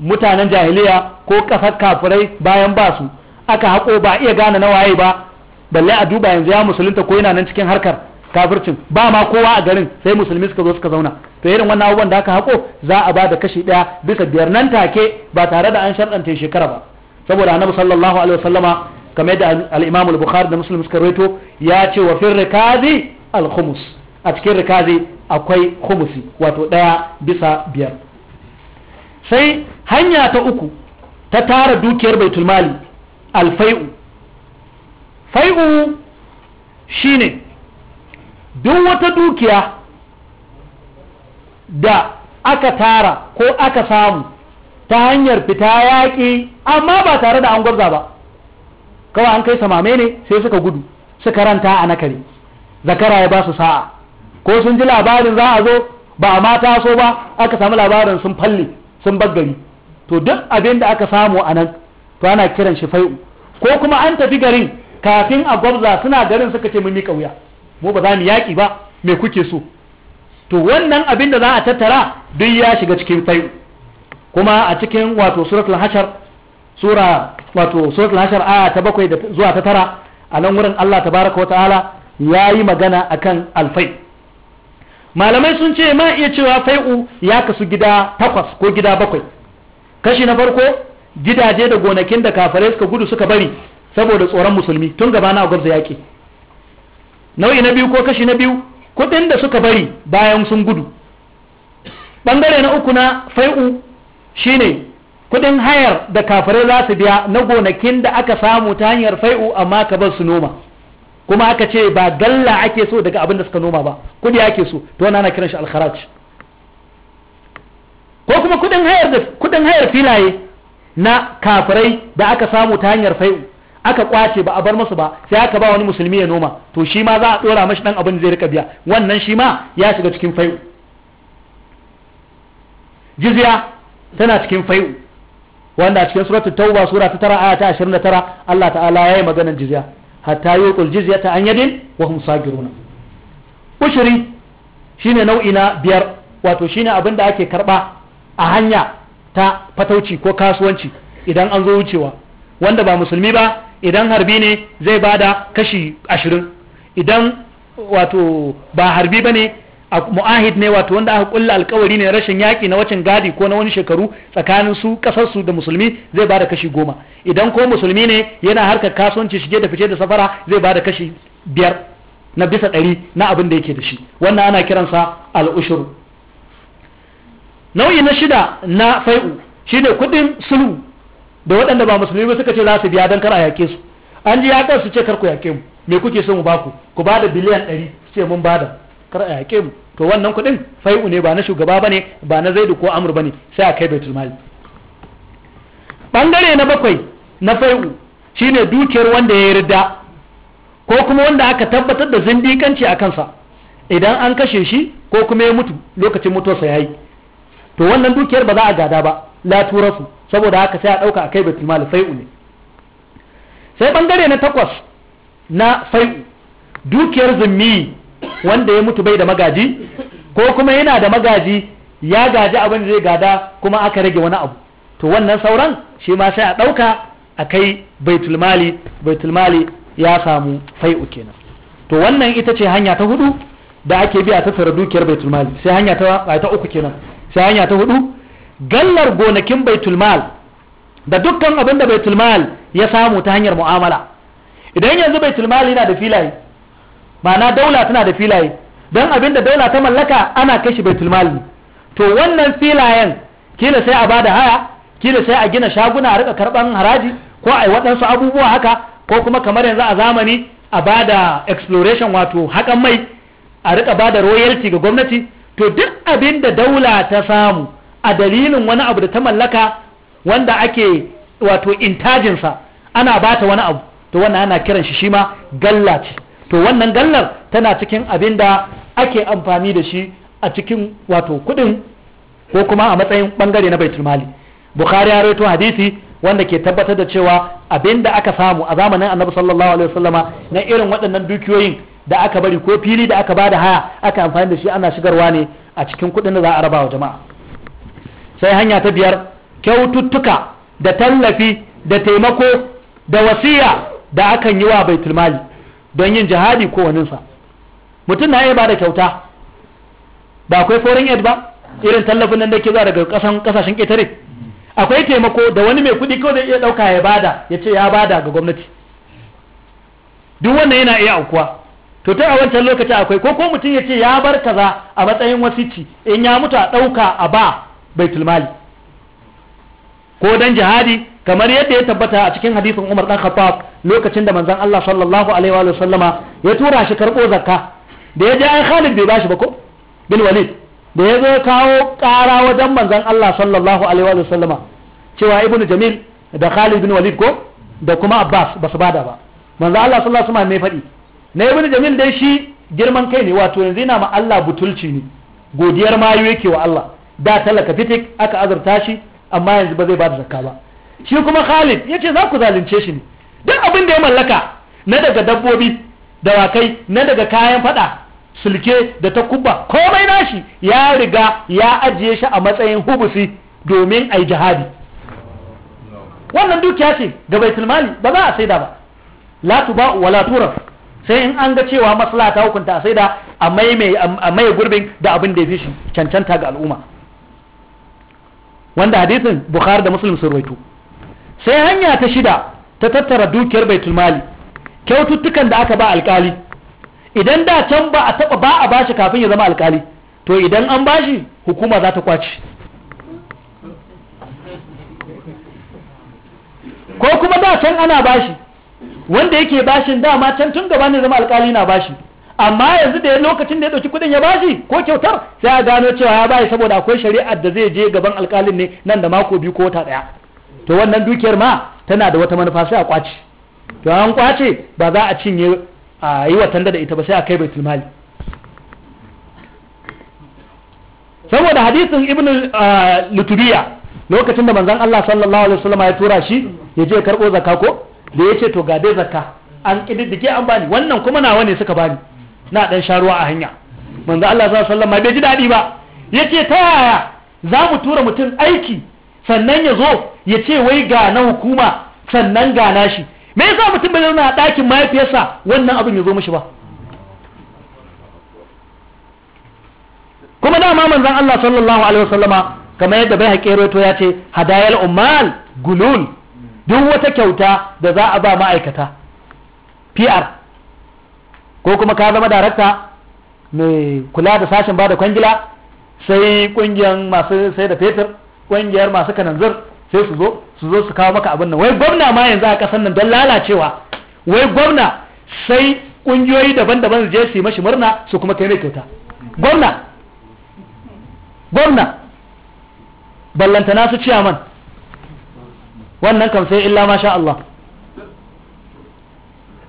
mutanen jahiliya ko ƙasar kafirai bayan ba su aka haƙo ba iya gane na waye ba balle a duba yanzu ya musulunta ko yana nan cikin harkar kafircin ba ma kowa a garin sai musulmi suka zo suka zauna to irin wannan abubuwan da aka haƙo za a ba da kashi ɗaya bisa biyar nan take ba tare da an sharɗanta shekara ba saboda annabi sallallahu alaihi wasallama kamar yadda al-imam al-bukhari da muslim suka rawaito ya ce wa fir rikazi al-khumus a cikin rikazi akwai khumusi wato ɗaya bisa biyar sai hanya ta uku ta tara dukiyar baitul mali alfai'u fai'u shine duk wata dukiya da aka tara ko aka samu ta hanyar fita yaƙi amma ba tare da an gwabza ba kawai an kai samame ne sai suka gudu suka ranta a nakari zakara ya ba su sa'a ko sun ji labarin za a zo ba a mata so ba aka samu labarin sun falle sun baggari to duk abin da aka samu a nan to ana kiran shi fai'u ko kuma an tafi garin kafin a gwabza suna garin suka ce mun yi mu ba za mu yaƙi ba me kuke so to wannan abin da za a tattara duk ya shiga cikin fai'u kuma a cikin wato suratul hashar sura wato suratul hashar aya ta bakwai da zuwa ta tara a nan wurin Allah tabaraka wata'ala ya yi magana akan alfai malamai sun ce ma iya cewa fai'u ya kasu gida takwas ko gida bakwai kashi na farko gidaje da gonakin da kafirai suka gudu suka bari saboda tsoron musulmi tun gaba na gwabza yaƙi nau'i na biyu ko kashi na biyu kuɗin da suka bari bayan sun gudu ɓangare na uku na fai'u shine kuɗin hayar da kafirai za su biya na gonakin da aka samu ta hanyar fai'u amma ka bar su noma kuma aka ce ba galla ake so daga abin da suka noma ba kuɗi ake so to wannan ana kiran shi alkharaj ko kuma kuɗin hayar filaye na kafirai da aka samu ta hanyar fai'u aka kwace ba a bar musu ba sai aka ba wani musulmi ya noma to shi ma za a dora mashi dan abin da zai rika biya wannan shi ma ya shiga cikin fai'u jizya tana cikin fai'u wanda cikin suratul tauba sura ta tara aya ta 29 Allah ta'ala yayi maganar jizya hatta yuqul jizyata an yadin wa hum sagiruna ushri shine nau'i na biyar wato shine abin da ake karɓa a hanya ta fatauci ko kasuwanci idan an zo wucewa wanda ba musulmi ba idan harbi ne zai bada kashi ashirin idan wato ba harbi ba ne mu'ahid ne wato wanda aka kulla alkawari ne rashin yaki na wacin gadi ko na wani shekaru tsakanin su ƙasarsu da musulmi zai bada kashi goma idan ko musulmi ne yana harkar kasuwanci shige da fice da safara zai bada kashi biyar na bisa ɗari na abin da yake da shi wannan ana kiransa al'ushuru nau'i na shida na fai'u shine kudin sulhu da waɗanda ba musulmi ba suka ce za su biya don kar a yake su an ji yaƙar su ce kar ku yake mu me kuke son mu baku ku ba da biliyan ɗari ce mun ba da kar a yake mu to wannan kuɗin fai'u ne ba na shugaba ba ne ba na zaidu ko amur ba ne sai a kai baitul mali ɓangare na bakwai na fai'u shine dukiyar wanda ya yarda ko kuma wanda aka tabbatar da zindikanci a kansa idan an kashe shi ko kuma ya mutu lokacin mutuwarsa ya yi to wannan dukiyar ba za a gada ba la turasu saboda haka sai a dauka akai batul mal fai'u ne sai bangare na takwas na fai'u dukiyar zummi wanda ya mutu bai da magaji ko kuma yana da magaji ya gaji abin da zai gada kuma aka rage wani abu to wannan sauran shi ma sai a dauka akai baitul mali baitul mali ya samu fai'u kenan to wannan ita ce hanya ta hudu da ake biya ta tsara dukiyar baitul mali sai hanya ta ta uku kenan sai hanya ta hudu gallar gonakin baitulmal da dukkan abin da baitulmal ya samu ta hanyar mu'amala idan yanzu baitulmal yana da filaye ma'ana daula tana da filaye don abin da daula ta mallaka ana kashe baitulmal mal to wannan filayen kila sai a ba da haya kila sai a gina shaguna a rika karban haraji ko a yi waɗansu abubuwa haka ko kuma kamar yanzu a zamani a ba da exploration wato haƙan mai a rika da royalty ga gwamnati to duk abin da daula ta samu a dalilin wani abu da ta mallaka wanda ake wato intajinsa ana bata wani abu to wannan ana kiran shi shima galla ce to wannan gallar tana cikin abin da ake amfani da shi a cikin wato kudin ko kuma a matsayin bangare na baitul mali bukhari ya rawaito hadisi wanda ke tabbatar da cewa abin da aka samu a zamanin annabi sallallahu alaihi wasallama na irin waɗannan dukiyoyin da aka bari ko fili da aka bada haya aka amfani da shi ana shigarwa ne a cikin kuɗin da za a raba wa jama'a sai hanya ta biyar kyaututtuka da tallafi da taimako da wasiya da akan yi wa baitul mali don yin jihadi ko waninsa mutum na iya ba da kyauta ba akwai foreign aid ba irin tallafin nan da ke za daga kasan kasashen ƙetare akwai taimako da wani mai kuɗi kawai zai iya ɗauka ya bada ya ce ya bada ga gwamnati duk wannan yana iya aukuwa to ta a wancan lokacin akwai ko ko mutum ya ce ya bar kaza a matsayin wasici in ya mutu a ɗauka a ba baitul mali ko dan jihadi kamar yadda ya tabbata a cikin hadisin Umar dan Khattab lokacin da manzon Allah sallallahu alaihi wa sallama ya tura shi karbo zakka da ya je ai Khalid bai bashi ba ko bin Walid da ya zo kawo ƙara wajen manzon Allah sallallahu alaihi wa sallama cewa Ibn Jamil da Khalid bin Walid ko da kuma Abbas ba su bada ba manzon Allah sallallahu alaihi wa sallama mai faɗi na ibn jamil dai shi girman kai ne wato yanzu yana ma Allah butulci ne godiyar mayu yake wa Allah da talaka fitik aka azurta shi amma yanzu ba zai ba da zakka ba shi kuma Khalid yace za ku zalunce shi ne duk abin da ya mallaka na daga dabbobi dawakai na daga kayan fada sulke da takubba komai nashi ya riga ya ajiye shi a matsayin hubusi domin ai jihadi wannan dukiya ce ga baitul mali ba za a saida ba la tuba wala turaf sai in an ga cewa maslaha ta hukunta sai da a a mai gurbin da abin da ya fi shi cancanta ga al'umma wanda hadisin bukhari da muslim sun rawaito sai hanya ta shida ta tattara dukiyar baitul mali kyaututtukan da aka ba alkali idan da can ba a taba ba a bashi kafin ya zama alkali to idan an bashi hukuma za ta kwaci ko kuma da can ana bashi wanda yake bashin dama can tun ne zama alkali na bashi amma yanzu da ya lokacin da ya ɗauki kuɗin ya bashi ko kyautar sai a gano cewa ya bayi saboda akwai shari'ar da zai je gaban alkalin ne nan da mako biyu ko wata ɗaya to wannan dukiyar ma tana da wata manufa sai a kwace to an kwace ba za a cinye a yi watan da ita ba sai a kai baitul mali saboda hadisin ibnu lutubiya lokacin da manzon Allah sallallahu alaihi wasallam ya tura shi ya je karɓo zakako. da ya ce to ga dai zakka an kididdige an bani wannan kuma nawa ne suka bani na dan sharuwa a hanya manzo Allah sallallahu alaihi wasallam bai ji dadi ba yace ta yaya za mu tura mutum aiki sannan ya zo ya ce wai ga na hukuma sannan ga na shi me yasa mutum bai zauna a ɗakin mahaifiyarsa wannan abin ya zo mishi ba kuma dama manzon Allah sallallahu alaihi wasallama kamar yadda bai haƙe ya ce hadayal ummal gulul duk wata kyauta da za a ba ma'aikata PR ko kuma ka zama darakta mai kula da sashen ba da kwangila sai kungiyar masu sai da fetur kungiyar masu kananzir sai su zo su zo su kawo maka abin nan wai gwamna ma yanzu a kasar nan don lalacewa wai gwamna sai kungiyoyi daban-daban su je su yi mashi murna su kuma kai mai kyauta gwamna gwamna ballantana su ciyaman wannan kam sai illa masha Allah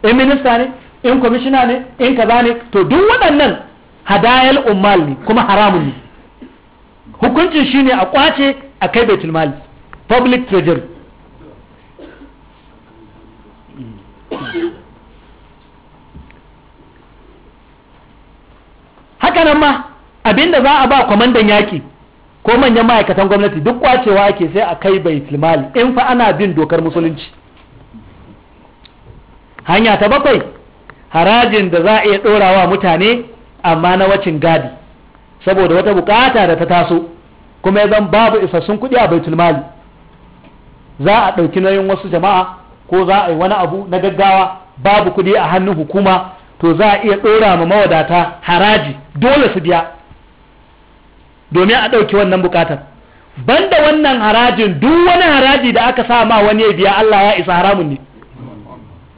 in minista ne in kwamishina ne in kaza ne to duk waɗannan hadayal ummal ne kuma haramun ne hukuncin shi ne a kwace a kai baitul mali public treasury haka ma abinda za a ba kwamandan yaki ko manyan ma'aikatan gwamnati duk kwacewa ke sai a kai baitul tilmali in fa ana bin dokar musulunci hanya ta bakwai harajin da za a iya ɗorawa mutane amma na wacin gadi saboda wata bukata da ta taso kuma zan babu isassun kuɗi a baitul mali za a ɗauki nauyin wasu jama'a ko za a yi wani abu na gaggawa babu kuɗi a hannun hukuma to za a iya ɗora ma mawadata haraji dole su biya domin a ɗauki wannan bukatar banda wannan harajin duk wani haraji da aka sa ma wani ya biya Allah ya isa haramun ne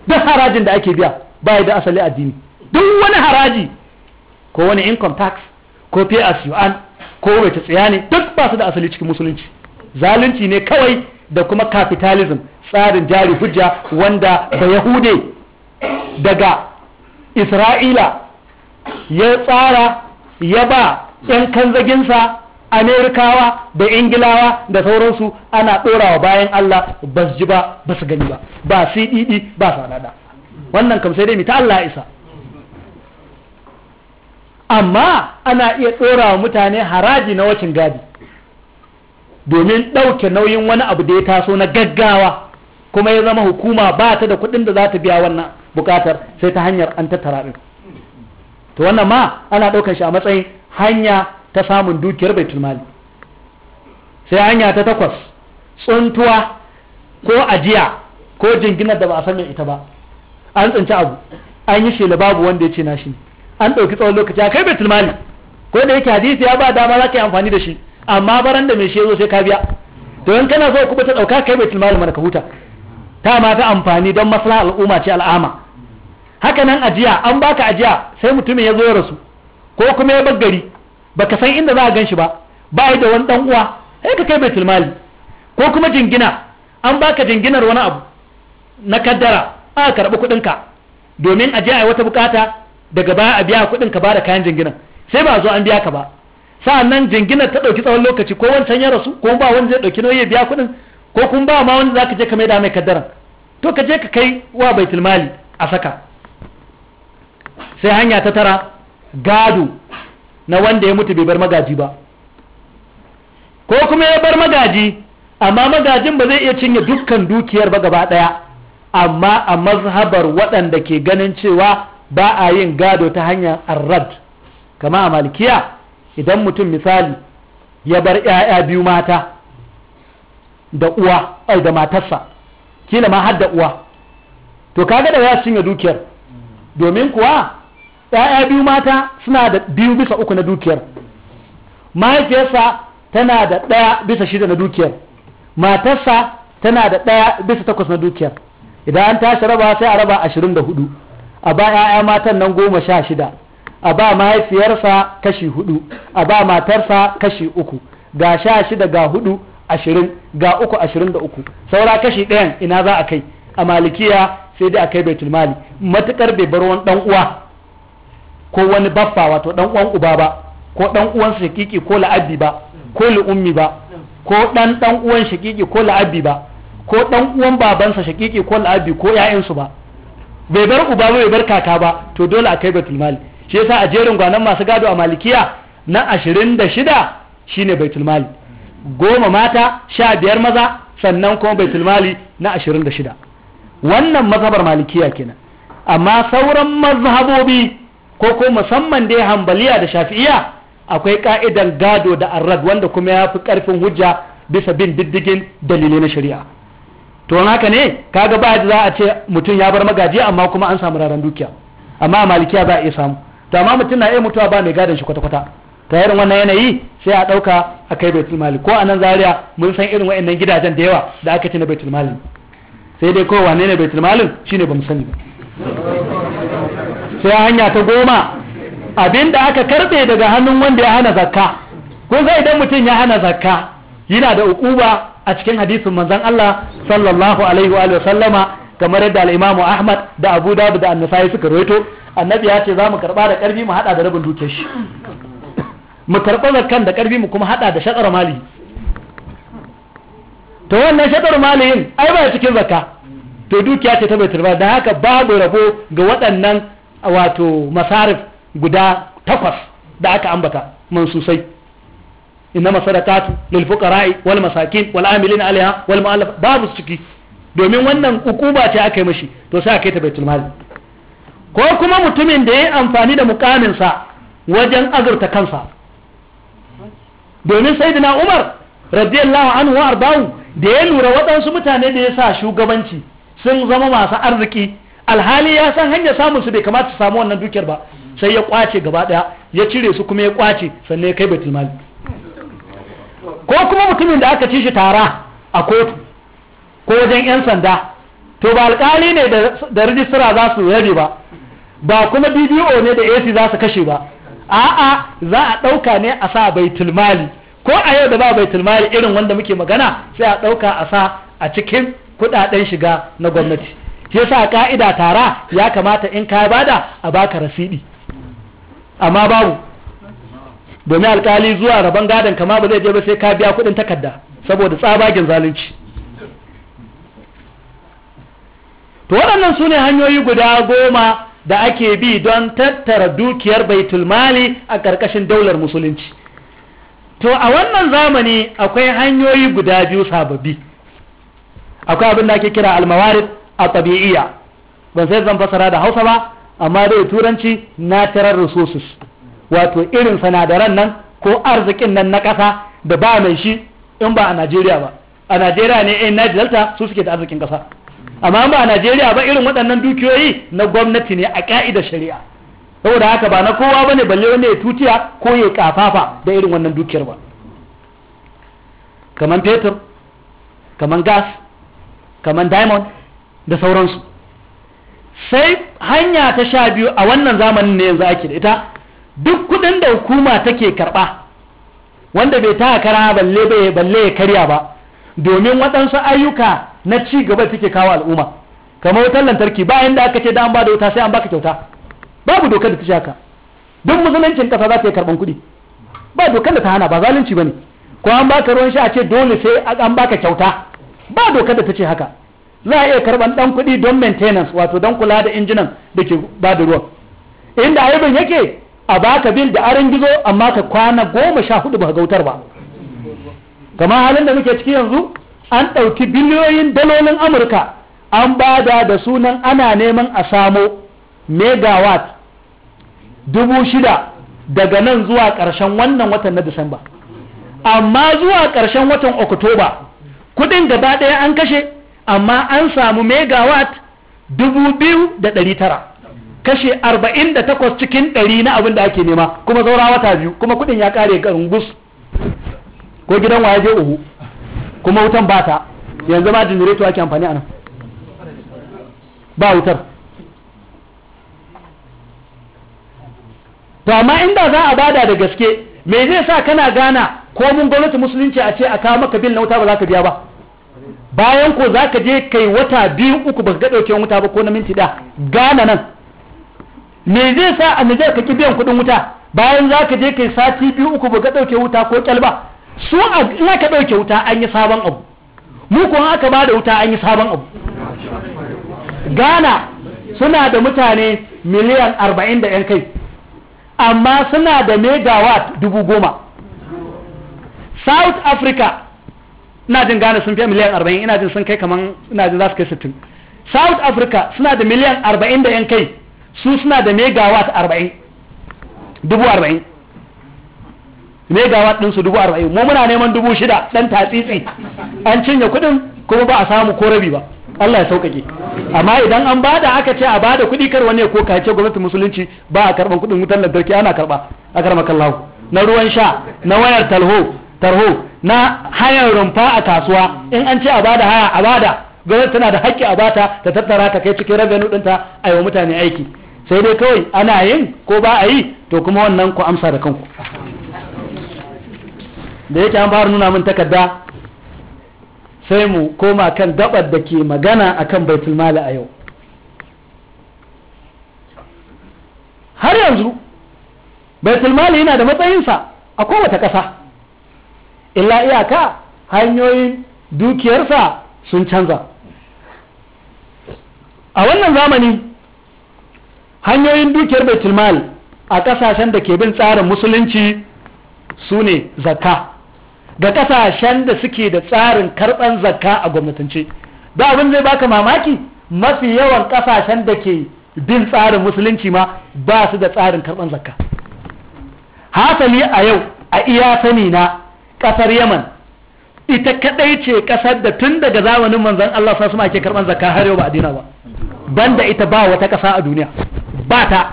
duk harajin da ake biya ba da asali addini duk wani haraji ko wani income tax ko pay as you earn ko wace tsaya ne duk ba su da asali cikin musulunci zalunci ne kawai da kuma capitalism tsarin jari hujja wanda da yahude daga isra'ila ya tsara ya ba 'yan kanzaginsa amerikawa da ingilawa da sauransu ana ɗorawa bayan Allah ba su ji ba ba su gani ba ba cdd e, ba su sanada wannan kam sai dai ta Allah isa amma ana iya ɗorawa mutane haraji na wacin gadi domin ɗauke nauyin wani abu da ya taso na gaggawa kuma ya zama hukuma ba ta da kuɗin da za ta biya wannan bukatar sai ta hanyar an tattara ɗin to wannan ma ana ɗaukar shi a matsayin hanya ta samun dukiyar baitul mali sai hanya ta takwas tsuntuwa ko ajiya ko jinginar da ba a sanya ita ba an tsinci abu an yi shela babu wanda ya ce na shi an ɗauki tsawon lokaci a kai baitul mali ko da yake hadisi ya ba dama za ka yi amfani da shi amma baran da mai shi zo sai ka biya to in kana so ku ta ɗauka kai baitul mali mana ka huta ta ma ta amfani don maslaha al'umma ce al'ama haka nan ajiya an baka ajiya sai mutumin ya zo ya rasu ko kuma ya baggari baka san inda za a gan shi ba ba da wani dan uwa sai ka kai mai tilmali." ko kuma jingina an baka jinginar wani abu na kaddara a karɓi kuɗinka domin a je a wata bukata daga baya a biya kuɗin ka ba da kayan jinginan sai ba zo an biya ka ba sa'annan jinginar ta ɗauki tsawon lokaci ko wancan ya rasu ko ba wani zai ɗauki nauyi biya kuɗin ko kuma ba ma wani ka je ka maida mai kaddara to ka je ka kai wa bai tilmali a saka sai hanya ta tara gado na wanda ya mutu bai bar magaji ba ko kuma ya bar magaji amma magajin ba zai iya cinye dukkan dukiyar ba gaba daya amma a mazhabar waɗanda ke ganin cewa ba a yin gado ta hanyar arrad kama a malkiya idan mutum misali ya bar 'ya'ya biyu mata da uwa ai da matarsa kila ma har da uwa to kaga da ya cinye dukiyar domin kuwa 'ya'ya biyu mata suna da biyu bisa uku na dukiyar mahaifiyarsa tana da ɗaya bisa shida na dukiyar matarsa tana da ɗaya bisa takwas na dukiyar idan an tashi raba sai a raba ashirin da hudu a ba 'ya'ya matan nan goma sha shida a ba mahaifiyarsa kashi hudu a ba matarsa kashi uku ga sha shida ga hudu ashirin ga uku ashirin da uku saura kashi ɗayan ina za a kai a malikiya sai dai a kai baitulmali matukar bai bar wani ɗan uwa ko wani baffa wato dan uwan uba ba ko dan uwan shakiki ko la'abi ba ko li'ummi ba ko dan dan uwan shakiki ko la'abi ba ko dan uwan babansa shakiki ko la'abi ko ƴaƴansu ba bai bar uba ba bai bar kaka ba to dole a kai baitul mali shi yasa a jerin gwanan masu gado a malikiya na ashirin da shida shine baitul mali goma mata sha biyar maza sannan kuma baitul mali na ashirin da shida wannan mazhabar malikiya kenan amma sauran mazhabobi ko ko musamman dai hambaliya da shafi'iya akwai ka'idan gado da arrad wanda kuma ya fi karfin hujja bisa bin diddigin dalilai na shari'a to haka ne kaga ba za a ce mutum ya bar magaji amma kuma an samu raran dukiya amma a malikiya za a iya samu to amma mutum na iya mutuwa ba mai gadon shi kwata-kwata ta irin wannan yanayi sai a ɗauka a kai baitul mali ko a nan Zariya mun san irin wa'annan gidajen da yawa da aka ce na baitul mali sai dai kowa ne ne baitul malin shine ba mu sani ba sai hanya ta goma abinda aka karbe daga hannun wanda ya hana zakka ko sai idan mutum ya hana zakka yana da ukuba a cikin hadisin manzon Allah sallallahu alaihi wa sallama kamar yadda al-Imam Ahmad da Abu Dawud da An-Nasa'i suka rawaito annabi ya ce zamu karba da karfi mu hada da rabin dukiyar shi mu karba zakkan da karfi mu kuma hada da shakar mali to wannan shakar Malin ai ba cikin zakka to dukiya ce ta bai turba da haka babu rabo ga waɗannan wato masarif guda takwas da aka ambata mansusai inna sadaqatu lil fuqara'i wal masakin wal amilin alaiha wal mu'allaf babu ciki domin wannan ukuba ce aka yi mashi to sai aka yi ta baitul mali ko kuma mutumin da ya amfani da mukamin sa wajen azurta kansa domin sayyidina Umar radiyallahu anhu wa ardahu da ya lura waɗansu mutane da ya sa shugabanci sun zama masu arziki alhali ya san hanyar samun su bai kamata su samu wannan dukiyar ba sai ya kwace gaba daya ya cire su kuma ya kwace sannan ya kai baitul mali ko kuma mutumin da aka ci shi tara a kotu ko wajen yan sanda to ba alkali ne da rijistara za su yare ba ba kuma BDO ne da AC za su kashe ba a'a za a ɗauka ne a sa baitul mali ko a yau da ba baitul mali irin wanda muke magana sai a ɗauka a sa a cikin kuɗaɗen shiga na gwamnati shi yasa ka'ida tara ya kamata in ka bada a baka rasidi amma babu domin alkali zuwa rabon gadon kama ba zai je ba sai ka biya kuɗin takarda saboda tsabagen zalunci to waɗannan su ne hanyoyi guda goma da ake bi don tattara dukiyar baitulmali a ƙarƙashin daular musulunci to a wannan zamani akwai hanyoyi guda biyu sababbi akwai abin da ake kira almawarid a tabi'iyya ban sai zan fasara da hausa ba amma dai turanci natural resources wato irin sanadaran nan ko arzikin nan na ƙasa da ba mai shi in ba a najeriya ba a najeriya ne yan naji delta su suke da arzikin ƙasa amma ba a najeriya ba irin waɗannan dukiyoyi na gwamnati ne a ƙa'idar shari'a saboda haka ba na kowa ba ne balle wani ya tutiya ko ya kafafa da irin wannan dukiyar ba kamar fetur kamar gas kaman diamond da sauransu sai hanya ta sha biyu a wannan zamanin ne yanzu ake da ita duk kudin da hukuma take karba wanda bai ta kara balle bai balle ya karya ba domin waɗansu ayyuka na ci gaba take kawo al'umma kamar wutar lantarki bayan da aka ce da an ba da wuta sai an baka kyauta babu dokar da ta shaka duk musuluncin kasa za ta yi karɓan kuɗi ba dokar da ta hana ba zalunci ba ne ko an baka ruwan sha a ce dole sai an baka kyauta ba dokar da ta ce haka za a iya karban ɗan kuɗi don maintenance wato don kula da injinan da ke ba da ruwan inda aibin yake a baka bin da aran gizo amma ka kwana goma sha hudu ba gautar ba kamar halin da muke ciki yanzu an ɗauki biliyoyin dalolin amurka an bada da sunan ana neman a samo megawatt dubu shida daga nan zuwa ƙarshen wannan watan na disamba amma zuwa ƙarshen watan oktoba kuɗin gaba ɗaya an kashe amma an samu megawatt dubu biyu da ɗari tara kashe arba'in da takwas cikin ɗari na abin da ake nema kuma zaura wata biyu kuma kuɗin ya ƙare ga ungus. ko gidan waye je uhu kuma wutan ba ta yanzu ma janareto ake amfani a nan ba wutar to amma inda za a bada da gaske me zai sa kana gana ko mun gwamnati musulunci a ce a kawo maka bil na wuta ba za ka biya ba bayan ko za ka je kai wata biyu uku ba ka ɗauke wuta ba ko na minti ɗaya gana nan me zai sa a nijar ka ƙi biyan kuɗin wuta bayan za ka je kai sati biyu uku ba ka ɗauke wuta ko ƙyalba su in aka ɗauke wuta an yi sabon abu mu kuma aka ba da wuta an yi sabon abu Gana suna da mutane miliyan arba'in da yan kai amma suna da megawatt dubu goma south africa ina jin Ghana sun fiye miliyan arba'in ina jin sun kai kaman ina jin za su kai sittin South Africa suna da miliyan arba'in da yan kai su suna da megawatt arba'in. dubu arba'in megawatt din su dubu arba'in mu muna neman dubu shida dan tatsitsi an cinye kudin kuma ba a samu ko rabi ba Allah ya sauƙaƙe amma idan an bada aka ce a bada kuɗi kar wani ko ka ce gwamnatin musulunci ba a karɓan kuɗin wutar lantarki ana karɓa a karɓa kallahu na ruwan sha na wayar talho tarho na hayan rumfa a kasuwa in an ce a bada haya a bada gwamnati tana da haƙƙi a bata ta tattara ta kai cikin rabe nudinta a yi wa mutane aiki sai dai kawai ana yin ko ba a yi to kuma wannan ku amsa da kanku da yake an fara nuna min takarda sai mu koma kan gabar da ke magana akan baitul mali a yau har yanzu baitul mali yana da matsayinsa a kowace ƙasa illa iyaka hanyoyin dukiyarsa sun canza a wannan zamani hanyoyin dukiyar baitulmal a kasashen da ke bin tsarin musulunci su ne zakka da kasashen da suke da tsarin karɓar zakka a gwamnatance da abin zai baka mamaki mafi yawan kasashen da ke bin tsarin musulunci ma ba su da tsarin karɓar zakka hasali a yau a iya sani na ƙasar yaman ita kaɗai ce ƙasar da tun daga zamanin manzan Allah sa suma ake karɓar zakka har yau ba adina ba banda ita ba wata ƙasa a duniya ba ta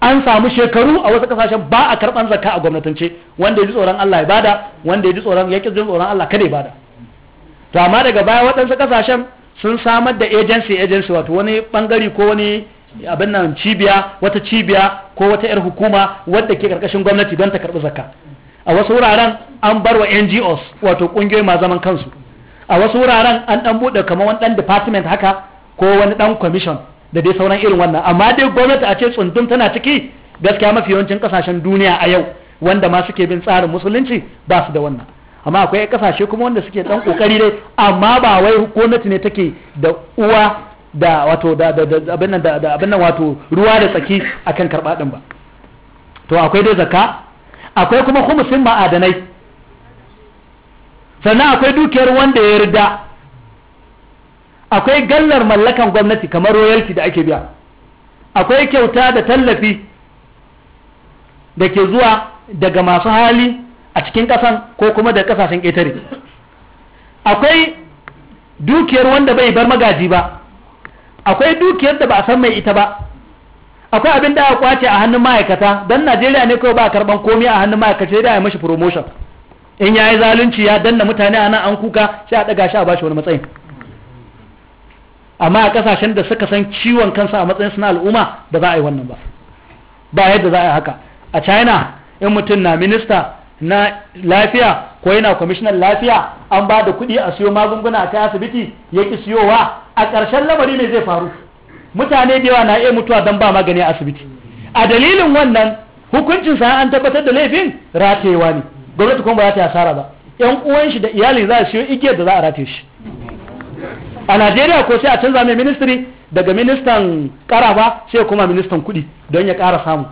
an samu shekaru a wasu ƙasashen ba a karɓar zakka a gwamnatance wanda ya ji tsoron Allah ya bada wanda ya ji tsoron ya jin tsoron Allah kada ya bada to amma daga baya waɗansu ƙasashen sun samar da agency agency wato wani ɓangare ko wani abin nan cibiya wata cibiya ko wata 'yar hukuma wadda ke ƙarƙashin gwamnati don ta karɓi zakka a wasu wuraren an bar wa NGOs wato kungiyoyi ma zaman kansu a wasu wuraren an dan bude kamar wani dan department haka ko wani dan commission da dai sauran irin wannan amma dai gwamnati a ce tsundum tana ciki gaskiya mafi yawancin kasashen duniya a yau wanda ma suke bin tsarin musulunci ba su da wannan amma akwai kasashe kuma wanda suke dan kokari dai amma ba wai gwamnati ne take da uwa da wato da abin nan wato ruwa da tsaki akan karba din ba to akwai dai zakka akwai kuma humusin ma'adanai sannan akwai dukiyar wanda ya rida akwai gallar mallakan gwamnati kamar royalty da ake biya akwai kyauta da tallafi da ke zuwa daga masu hali a cikin ƙasan ko kuma da ƙasashen ƙetare akwai dukiyar wanda bai bar magaji ba akwai dukiyar da ba a san mai ita ba akwai abin da aka kwace a hannun ma'aikata don najeriya ne kawai ba karban komai a hannun ma'aikata da ya mashi promotion in yayi zalunci ya danna mutane a nan an kuka sai a daga shi a bashi wani matsayin amma a kasashen da suka san ciwon kansa a matsayin suna al'umma ba za a yi wannan ba ba yadda za a yi haka a china in mutum na minista na lafiya ko yana kwamishinan lafiya an ba da kuɗi a siyo magunguna a kai asibiti ya ki siyowa a ƙarshen lamari ne zai faru mutane da yawa na iya mutuwa don ba magani a asibiti a dalilin wannan hukuncin sa an tabbatar da laifin ratewa ne gwamnati kuma ba za ta yi asara ba yan uwan shi da iyali za su yi igiyar da za a rataye shi a najeriya ko sai a canza mai ministry daga ministan karafa sai kuma ministan kuɗi don ya kara samu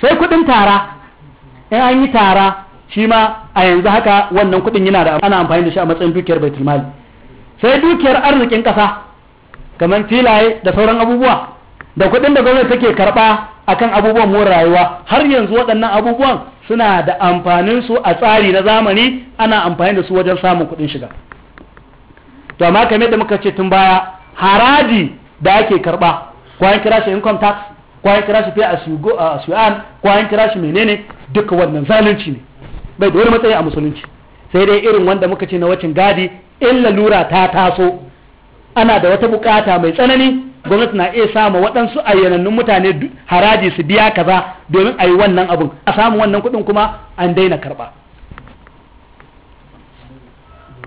sai kuɗin tara in an yi tara shi ma a yanzu haka wannan kuɗin yana da ana amfani da shi a matsayin dukiyar baitul mali sai dukiyar arzikin ƙasa kamar filaye da sauran abubuwa da kuɗin da gwamnati take karɓa akan abubuwan more rayuwa har yanzu waɗannan abubuwan suna da amfanin su a tsari na zamani ana amfani da su wajen samun kuɗin shiga to amma kamar yadda muka ce tun baya haraji da ake karɓa ko an kira shi income tax ko an kira shi pay as you go uh, an kira shi menene duka wannan zalunci ne bai da wani matsayi a musulunci sai dai irin wanda muka ce na wacin gadi in lalura ta taso ana da wata bukata mai tsanani gwamnati na iya sama waɗansu ayyanannun mutane haraji su biya kaza domin a yi wannan abun a samu wannan kuɗin kuma an daina karɓa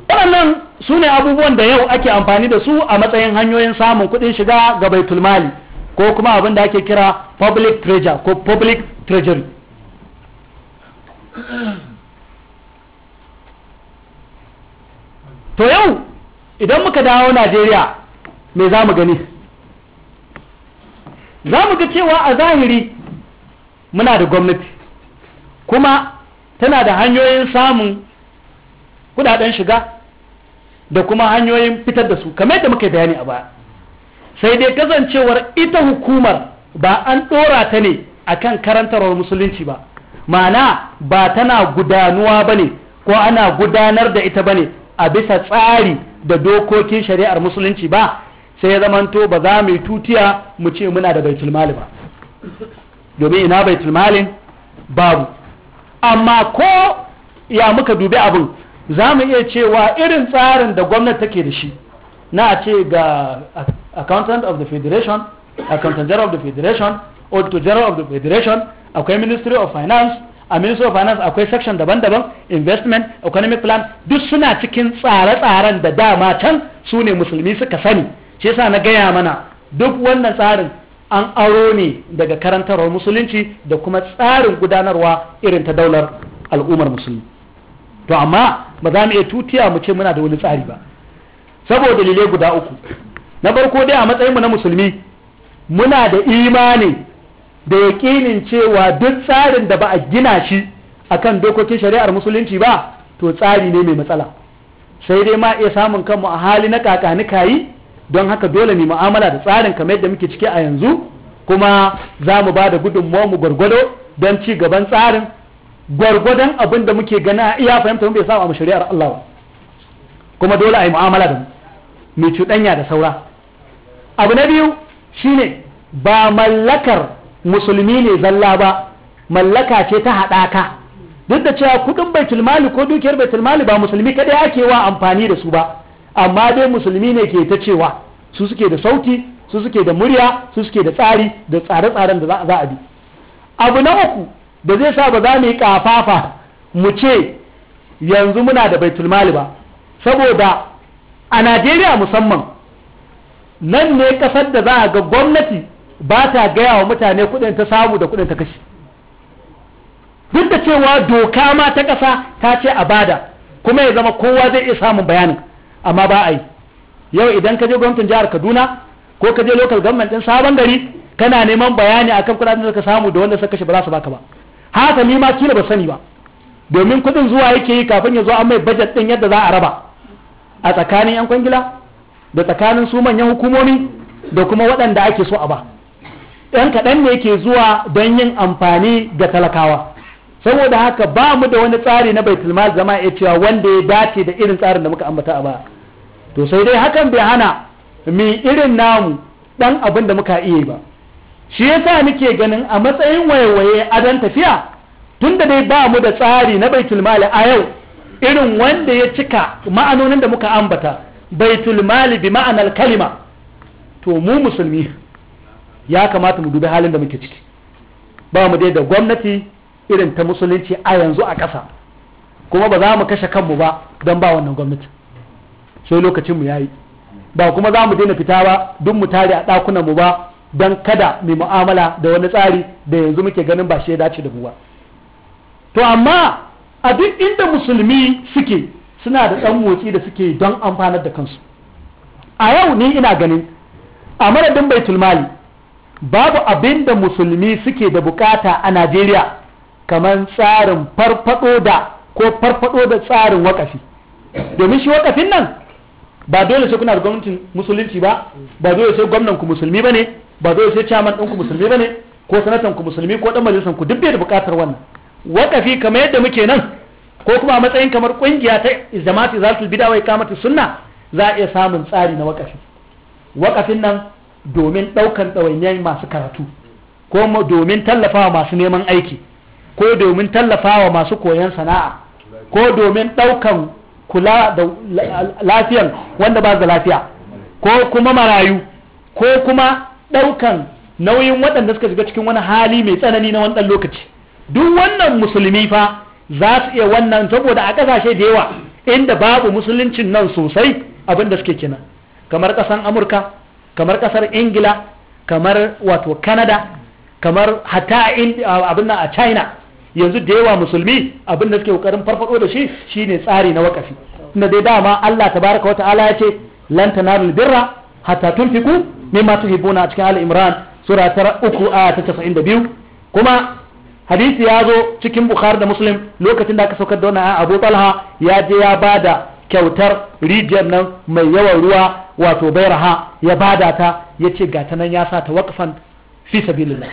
waɗannan su ne abubuwan da yau ake amfani da su a matsayin hanyoyin samun kuɗin shiga ga baitulmali ko kuma abin da ake kira public treasure ko public treasury to yau idan muka dawo najeriya me za mu gani za mu ga cewa a zahiri muna da gwamnati kuma tana da hanyoyin samun kudaden shiga da kuma hanyoyin fitar da su kamar yadda muka bayani a baya sai dai kasancewar ita hukumar ba an ɗora ta ne kan karantarwar musulunci ba ma'ana ba tana gudanuwa ba ne ko ana gudanar da ita ba ne a bisa tsari da dokokin shari'ar musulunci ba sai ya zamanto ba za mu yi tutiya mu ce muna da baitul mali ba domin ina baitul malin babu amma ko ya muka dubi abin za mu iya cewa irin tsarin da gwamnati take da shi na a ce ga accountant of the federation accountant general of the federation auditor general of the federation akwai ministry of finance a ministry of finance akwai section daban-daban investment economic plan duk suna cikin tsare-tsaren da dama can su ne musulmi suka sani shi yasa na gaya mana duk wannan tsarin an aro ne daga karantarwar musulunci da kuma tsarin gudanarwa irin ta daular al'ummar musulmi to amma ba za mu iya tutiya mu ce muna da wani tsari ba saboda dalilai guda uku na farko dai a matsayinmu na musulmi muna da imani da yaƙinin cewa duk tsarin da ba a gina shi akan dokokin shari'ar musulunci ba to tsari ne mai matsala sai dai ma iya samun kanmu a hali na kakani kayi don haka dole mu mu'amala da tsarin kamar yadda muke ciki a yanzu kuma za mu ba da gudunmuwa mu gwargwado don ci gaban tsarin gwargwadon abin da muke gani a iya fahimta mu bai samu a shari'ar Allah ba kuma dole a yi mu'amala da mu mai cuɗanya da saura abu na biyu shine ba mallakar musulmi ne zalla ba mallaka ce ta haɗaka duk da cewa kudin baitulmali ko dukiyar baitulmali ba musulmi kaɗai ake wa amfani da su ba amma dai musulmi ne ke ta cewa su suke da sauti su suke da murya su suke da tsari da tsare-tsaren da za a bi abu na uku da zai sa ba za mu yi kafafa mu ce yanzu muna da baitulmali ba saboda a najeriya musamman nan ne kasar da za a ga gwamnati ba ta gaya wa mutane kudin ta samu da kudin ta kashi duk da cewa doka ma ta ƙasa ta ce a bada kuma ya zama kowa zai iya samun bayanin amma ba a yi yau idan ka je gwamnatin jihar kaduna ko ka je local government din sabon gari kana neman bayani akan kudaden da ka samu da wanda suka kashe ba za su baka ba haka ni ma kila ba sani ba domin kudin zuwa yake yi kafin ya zo an mai bajet ɗin yadda za a raba a tsakanin yan kwangila da tsakanin su manyan hukumomi da kuma waɗanda ake so a ba ɗan kaɗan ne ke zuwa don yin amfani ga talakawa saboda haka ba mu da wani tsari na baitulmal zama ya cewa wanda ya dace da irin tsarin da muka ambata a baya to sai dai hakan bai hana mi irin namu ɗan abin da muka iya ba shi yasa muke ganin a matsayin waiwaye don tafiya tun da dai ba mu da tsari na baitulmali a yau irin wanda ya cika ma'anonin da muka ambata baitulmali bi ma'anar kalima to mu musulmi ya kamata mu dubi halin da muke ciki ba mu dai da gwamnati irin ta musulunci a yanzu a ƙasa kuma ba za mu kashe kanmu ba don ba wannan gwamnati sai lokacin mu yayi ba kuma za mu daina fita ba duk mu tare a ɗakunan mu ba don kada mai mu'amala da wani tsari da yanzu muke ganin ba shi ya dace da mu ba to amma a duk inda musulmi suke suna da ɗan motsi da suke don amfanar da kansu a yau ni ina ganin a madadin Bai mali babu abin da musulmi suke da bukata a najeriya kamar tsarin farfado da ko farfado da tsarin wakafi domin shi wakafin nan ba dole sai kuna da gwamnatin musulunci ba ba dole sai gwamnan ku musulmi bane ba dole sai chairman ɗin ku musulmi bane ko sanatan ku musulmi ko dan majalisan ku duk bai da bukatar wannan wakafi kamar yadda muke nan ko kuma a matsayin kamar kungiya ta jama'atu zalatul bid'a wa iqamatus sunna za a iya samun tsari na wakafi wakafin nan domin ɗaukan ɗawainiyar masu karatu ko domin tallafawa masu neman aiki ko domin tallafawa masu koyon sana'a ko domin ɗaukan kula da lafiyan wanda ba da lafiya ko kuma marayu ko kuma ɗaukan nauyin waɗanda suka shiga cikin wani hali mai tsanani na wani ɗan lokaci duk wannan musulmi fa za su iya wannan saboda a ƙasashe da yawa inda babu musuluncin nan sosai abin da suke kenan kamar ƙasan amurka kamar kasar ingila kamar wato canada kamar hatta abin a china yanzu da yawa musulmi abin da suke kokarin farfado da shi shine tsari na wakafi tunda dai dama Allah tabaraka wa ta'ala ya ce lan tanalul birra hatta tunfiku mimma tuhibuna a cikin al-imran sura ta 3 aya ta 92 kuma hadisi ya zo cikin bukhari da muslim lokacin da aka saukar da wannan abu talha ya je ya bada kyautar rijiyar nan mai yawan ruwa wato bayraha ya bada ta yace ga ta nan ya sa ta waqfan fi sabilillah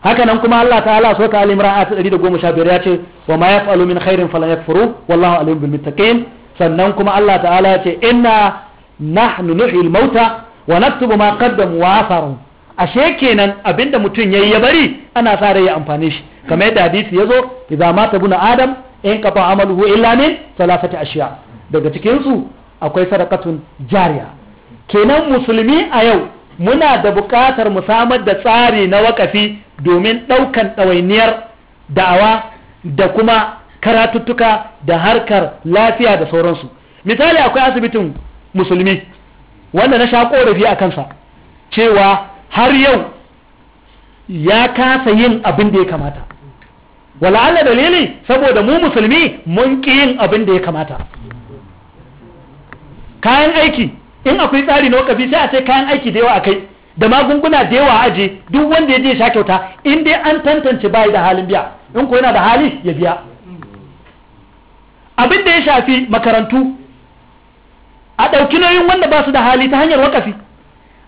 haka nan kuma Allah ta'ala so ta al-imran ayat 115 ya ce wa ma yaf'alu min khairin falan furu wallahu alim bil muttaqin sannan kuma Allah ta'ala ya ce inna nahnu nuhyi al-mauta wa naktubu ma qaddamu wa atharu ashe kenan abinda mutum yayi ya bari ana sa rai ya amfane shi kamar yadda hadisi yazo idza mata buna adam in kafa amaluhu illa min salasati ashiya daga cikin su akwai sadakatun jariya kenan musulmi a yau muna da buƙatar mu samar da tsari na wakafi domin ɗaukan ɗawainiyar da'awa da kuma karatuttuka da harkar lafiya da sauransu misali akwai asibitin musulmi wanda na sha ƙorafi a kansa cewa har yau ya kasa yin abin da ya kamata wala'ala dalili saboda mu musulmi mun ƙi yin abin da ya kamata kayan aiki in akwai tsari na wakafi sai a ce kayan aiki da yawa a kai da magunguna da yawa aje duk wanda ya je sha kyauta in dai an tantance bai da halin biya in ko yana da hali ya biya abin da ya shafi makarantu a ɗauki nauyin wanda ba su da hali ta hanyar wakafi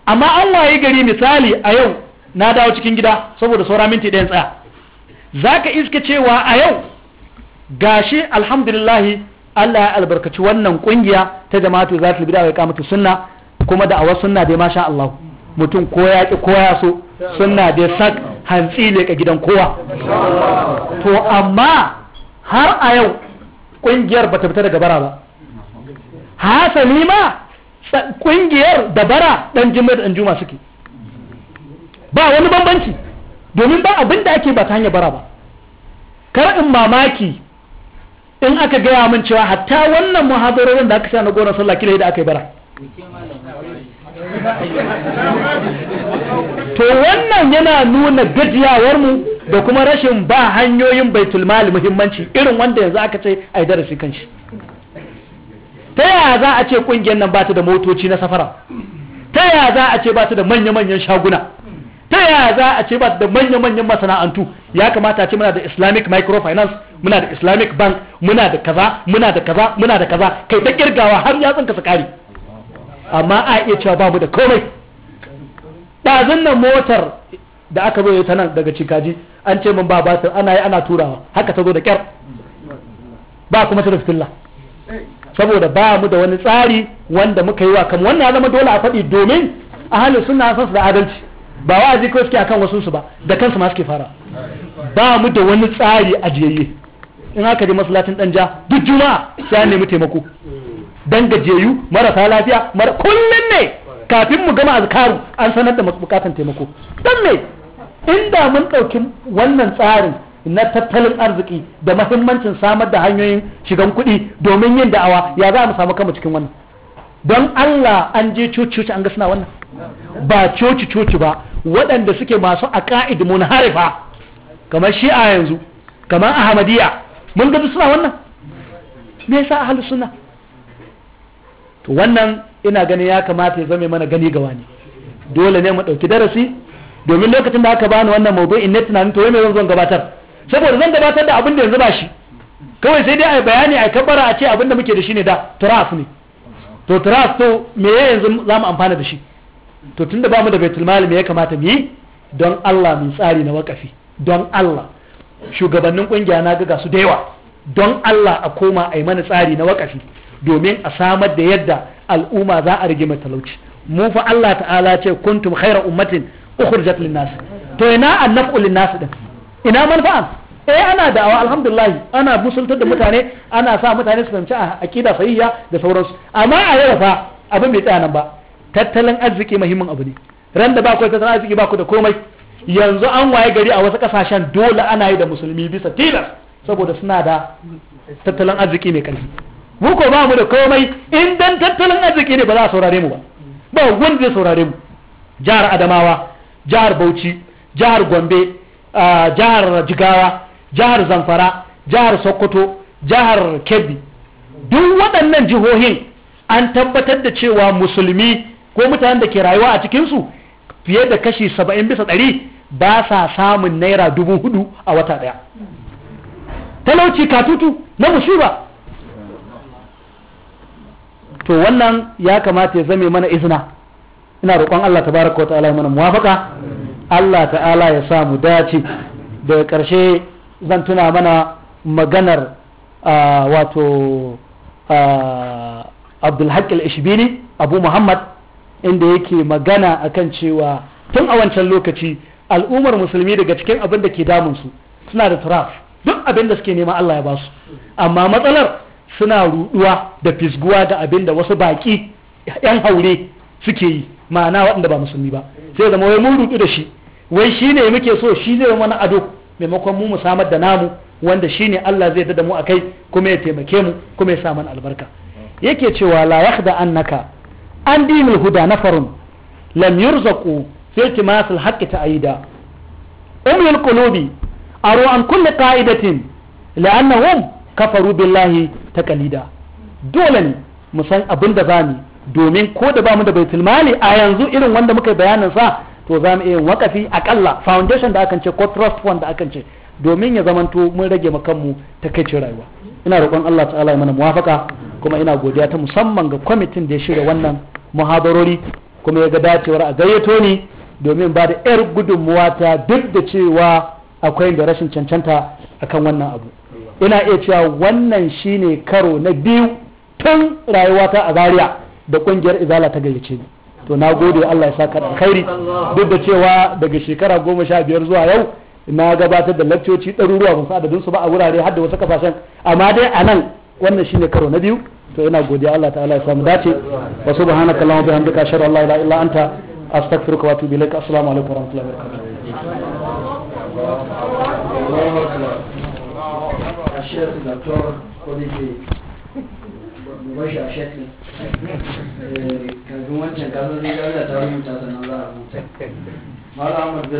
amma an waye gari misali a yau na dawo cikin gida saboda saura minti ɗayan tsaya za ka iska cewa a yau gashi alhamdulillahi Allah ya albarkaci wannan kungiya ta jama'atu za ta bida wa kamata sunna kuma da awa sunna dai masha Allah mutum ko ya ki ko ya so sunna dai sak hantsi ne ka gidan kowa to amma har a yau kungiyar bata fita daga bara ba hasali ma kungiyar da bara dan jimma da dan juma suke ba wani bambanci domin ba abinda da ake ba ta hanyar bara ba kar in mamaki in aka gaya min cewa hatta wannan muhadarorin da aka sha na goron sallah kila da aka yi bara to wannan yana nuna gajiyawar mu da kuma rashin ba hanyoyin baitul mal muhimmanci irin wanda yanzu aka ce ai darasi kanshi ta yaya za a ce kungiyar nan ba ta da motoci na safara ta yaya za a ce ba ta da manya-manyan shaguna ta yaya za a ce ba ta da manya-manyan masana'antu ya kamata a ce muna da islamic microfinance muna da islamic bank muna da kaza muna da kaza muna da kaza kai ta kirgawa har ya tsanka su kare amma a iya cewa mu da komai ɗazun nan motar da aka zo ta nan daga cikaji an ce min ba ba ana yi ana turawa haka ta zo da kyar ba kuma ta da fitilla saboda ba mu da wani tsari wanda muka yi wa kan wannan ya zama dole a faɗi domin a hali suna san su da adalci ba wa aji ko a kan wasu su ba da kansu ma suke fara ba mu da wani tsari ajiyayye in aka je masallacin ja, duk juma'a sai an nemi taimako dan gajeyu marasa lafiya mar kullun ne kafin mu gama azkaru an sanar da bukatan taimako dan me inda mun dauki wannan tsarin na tattalin arziki da mahimmancin samar da hanyoyin shigan kuɗi domin yin da'awa ya za mu samu kama cikin wannan don Allah an je coci-coci an ga suna wannan ba coci-coci ba waɗanda suke masu a ka'id harifa kamar shi'a yanzu kamar ahmadiyya mun ga suna wannan me yasa ahlus sunna to wannan ina ganin ya kamata ya zame mana gani ga wani dole ne mu dauki darasi domin lokacin da aka bani wannan mawdu'i ne tunanin to me zan zo gabatar saboda zan gabatar da abin da yanzu ba shi kawai sai dai a bayani a kabbara a ce abin da muke da shi ne da turaf ne to turaf to me yanzu za mu amfana da shi to tunda ba mu da baitul mal me ya kamata mu yi don Allah mu tsari na wakafi don Allah shugabannin ƙungiya na ga su da yawa don Allah a koma a yi mana tsari na wakafi domin a samar da yadda al'umma za a rage talauci mu fa Allah ta'ala ce kuntum khaira ummatin ukhrijat lin nas to ina annafu lin nas din ina manfa'a eh ana da'awa alhamdulillah ana musuntar da mutane ana sa mutane su fahimci aqida sahiha da sauransu amma a yau fa abin bai tsaya nan ba tattalin arziki muhimmin abu ne ran da ba ku tattalin arziki ba ku da komai yanzu an waye gari a wasu kasashen dole ana yi da musulmi bisa tilas saboda suna da tattalin arziki mai karfi mu ko ba mu da komai in dan tattalin arziki ne ba za a saurare mu ba ba wanda zai saurare mu jihar adamawa jihar bauchi jihar gombe jihar jigawa jihar zamfara jihar sokoto jihar kebbi duk waɗannan jihohin an tabbatar da cewa musulmi ko mutanen da ke rayuwa a cikinsu fiye da kashi saba'in bisa ɗari ba sa samun naira dubu hudu a wata ɗaya talauci katutu na musiba to wannan ya kamata ya zame mana izina ina roƙon Allah tabaraka wa ta'ala mana muwafaka Allah ta'ala ya sa mu dace Da ƙarshe zan tuna mana maganar wato abdulhaq al abu muhammad inda yake magana akan cewa tun a wancan lokaci al'ummar musulmi daga cikin abin da ke damunsu suna da turaf duk abin da suke nema Allah ya ba su amma matsalar suna ruduwa da fisguwa da abin da wasu baki yan haure suke yi ma'ana waɗanda ba musulmi ba sai zama wai mun rudu da shi wai shi ne muke so shi zai wani ado maimakon mu mu samar da namu wanda shi ne Allah zai dada mu a kai kuma ya taimake mu kuma ya sa mana albarka yake cewa la yakhda annaka an dinul huda na nafarun lam yurzaqu fi timasil haqqi ta'ida umul qulubi aru an kulli qa'idatin la'annahum kafaru billahi taqalida dole ne mu san abin da zamu domin ko da bamu da baitul mali a yanzu irin wanda muka bayanin sa to za mu iya wakafi akalla foundation da akan ce ko trust fund da akan ce domin ya zamanto mun rage makanmu takaicin rayuwa ina roƙon Allah ta'ala ya mana muwafaka kuma ina godiya ta musamman ga kwamitin da ya shirya wannan muhadarori kuma ya ga dacewar a gayyato ni domin ba da yar gudunmuwa ta duk da cewa akwai da rashin cancanta akan wannan abu ina iya cewa wannan shine karo na biyu tun rayuwata a Zariya da kungiyar izala ta gayyace ni to na gode Allah ya saka alkhairi duk da cewa daga shekara goma sha biyar zuwa yau na gabatar da lakcoci ɗaruruwa ban san adadin su ba a wurare har da wasu kasashen amma dai a nan wannan shine karo na biyu to ina godiya Allah ta'ala ya samu dace wa subhanaka allahumma bihamdika ashhadu an la ilaha illa anta astaghfiruka wa atubu ilaik assalamu alaikum wa rahmatullahi wa barakatuh kafin wancan kafin rigar da ta rubuta sanar za a rubuta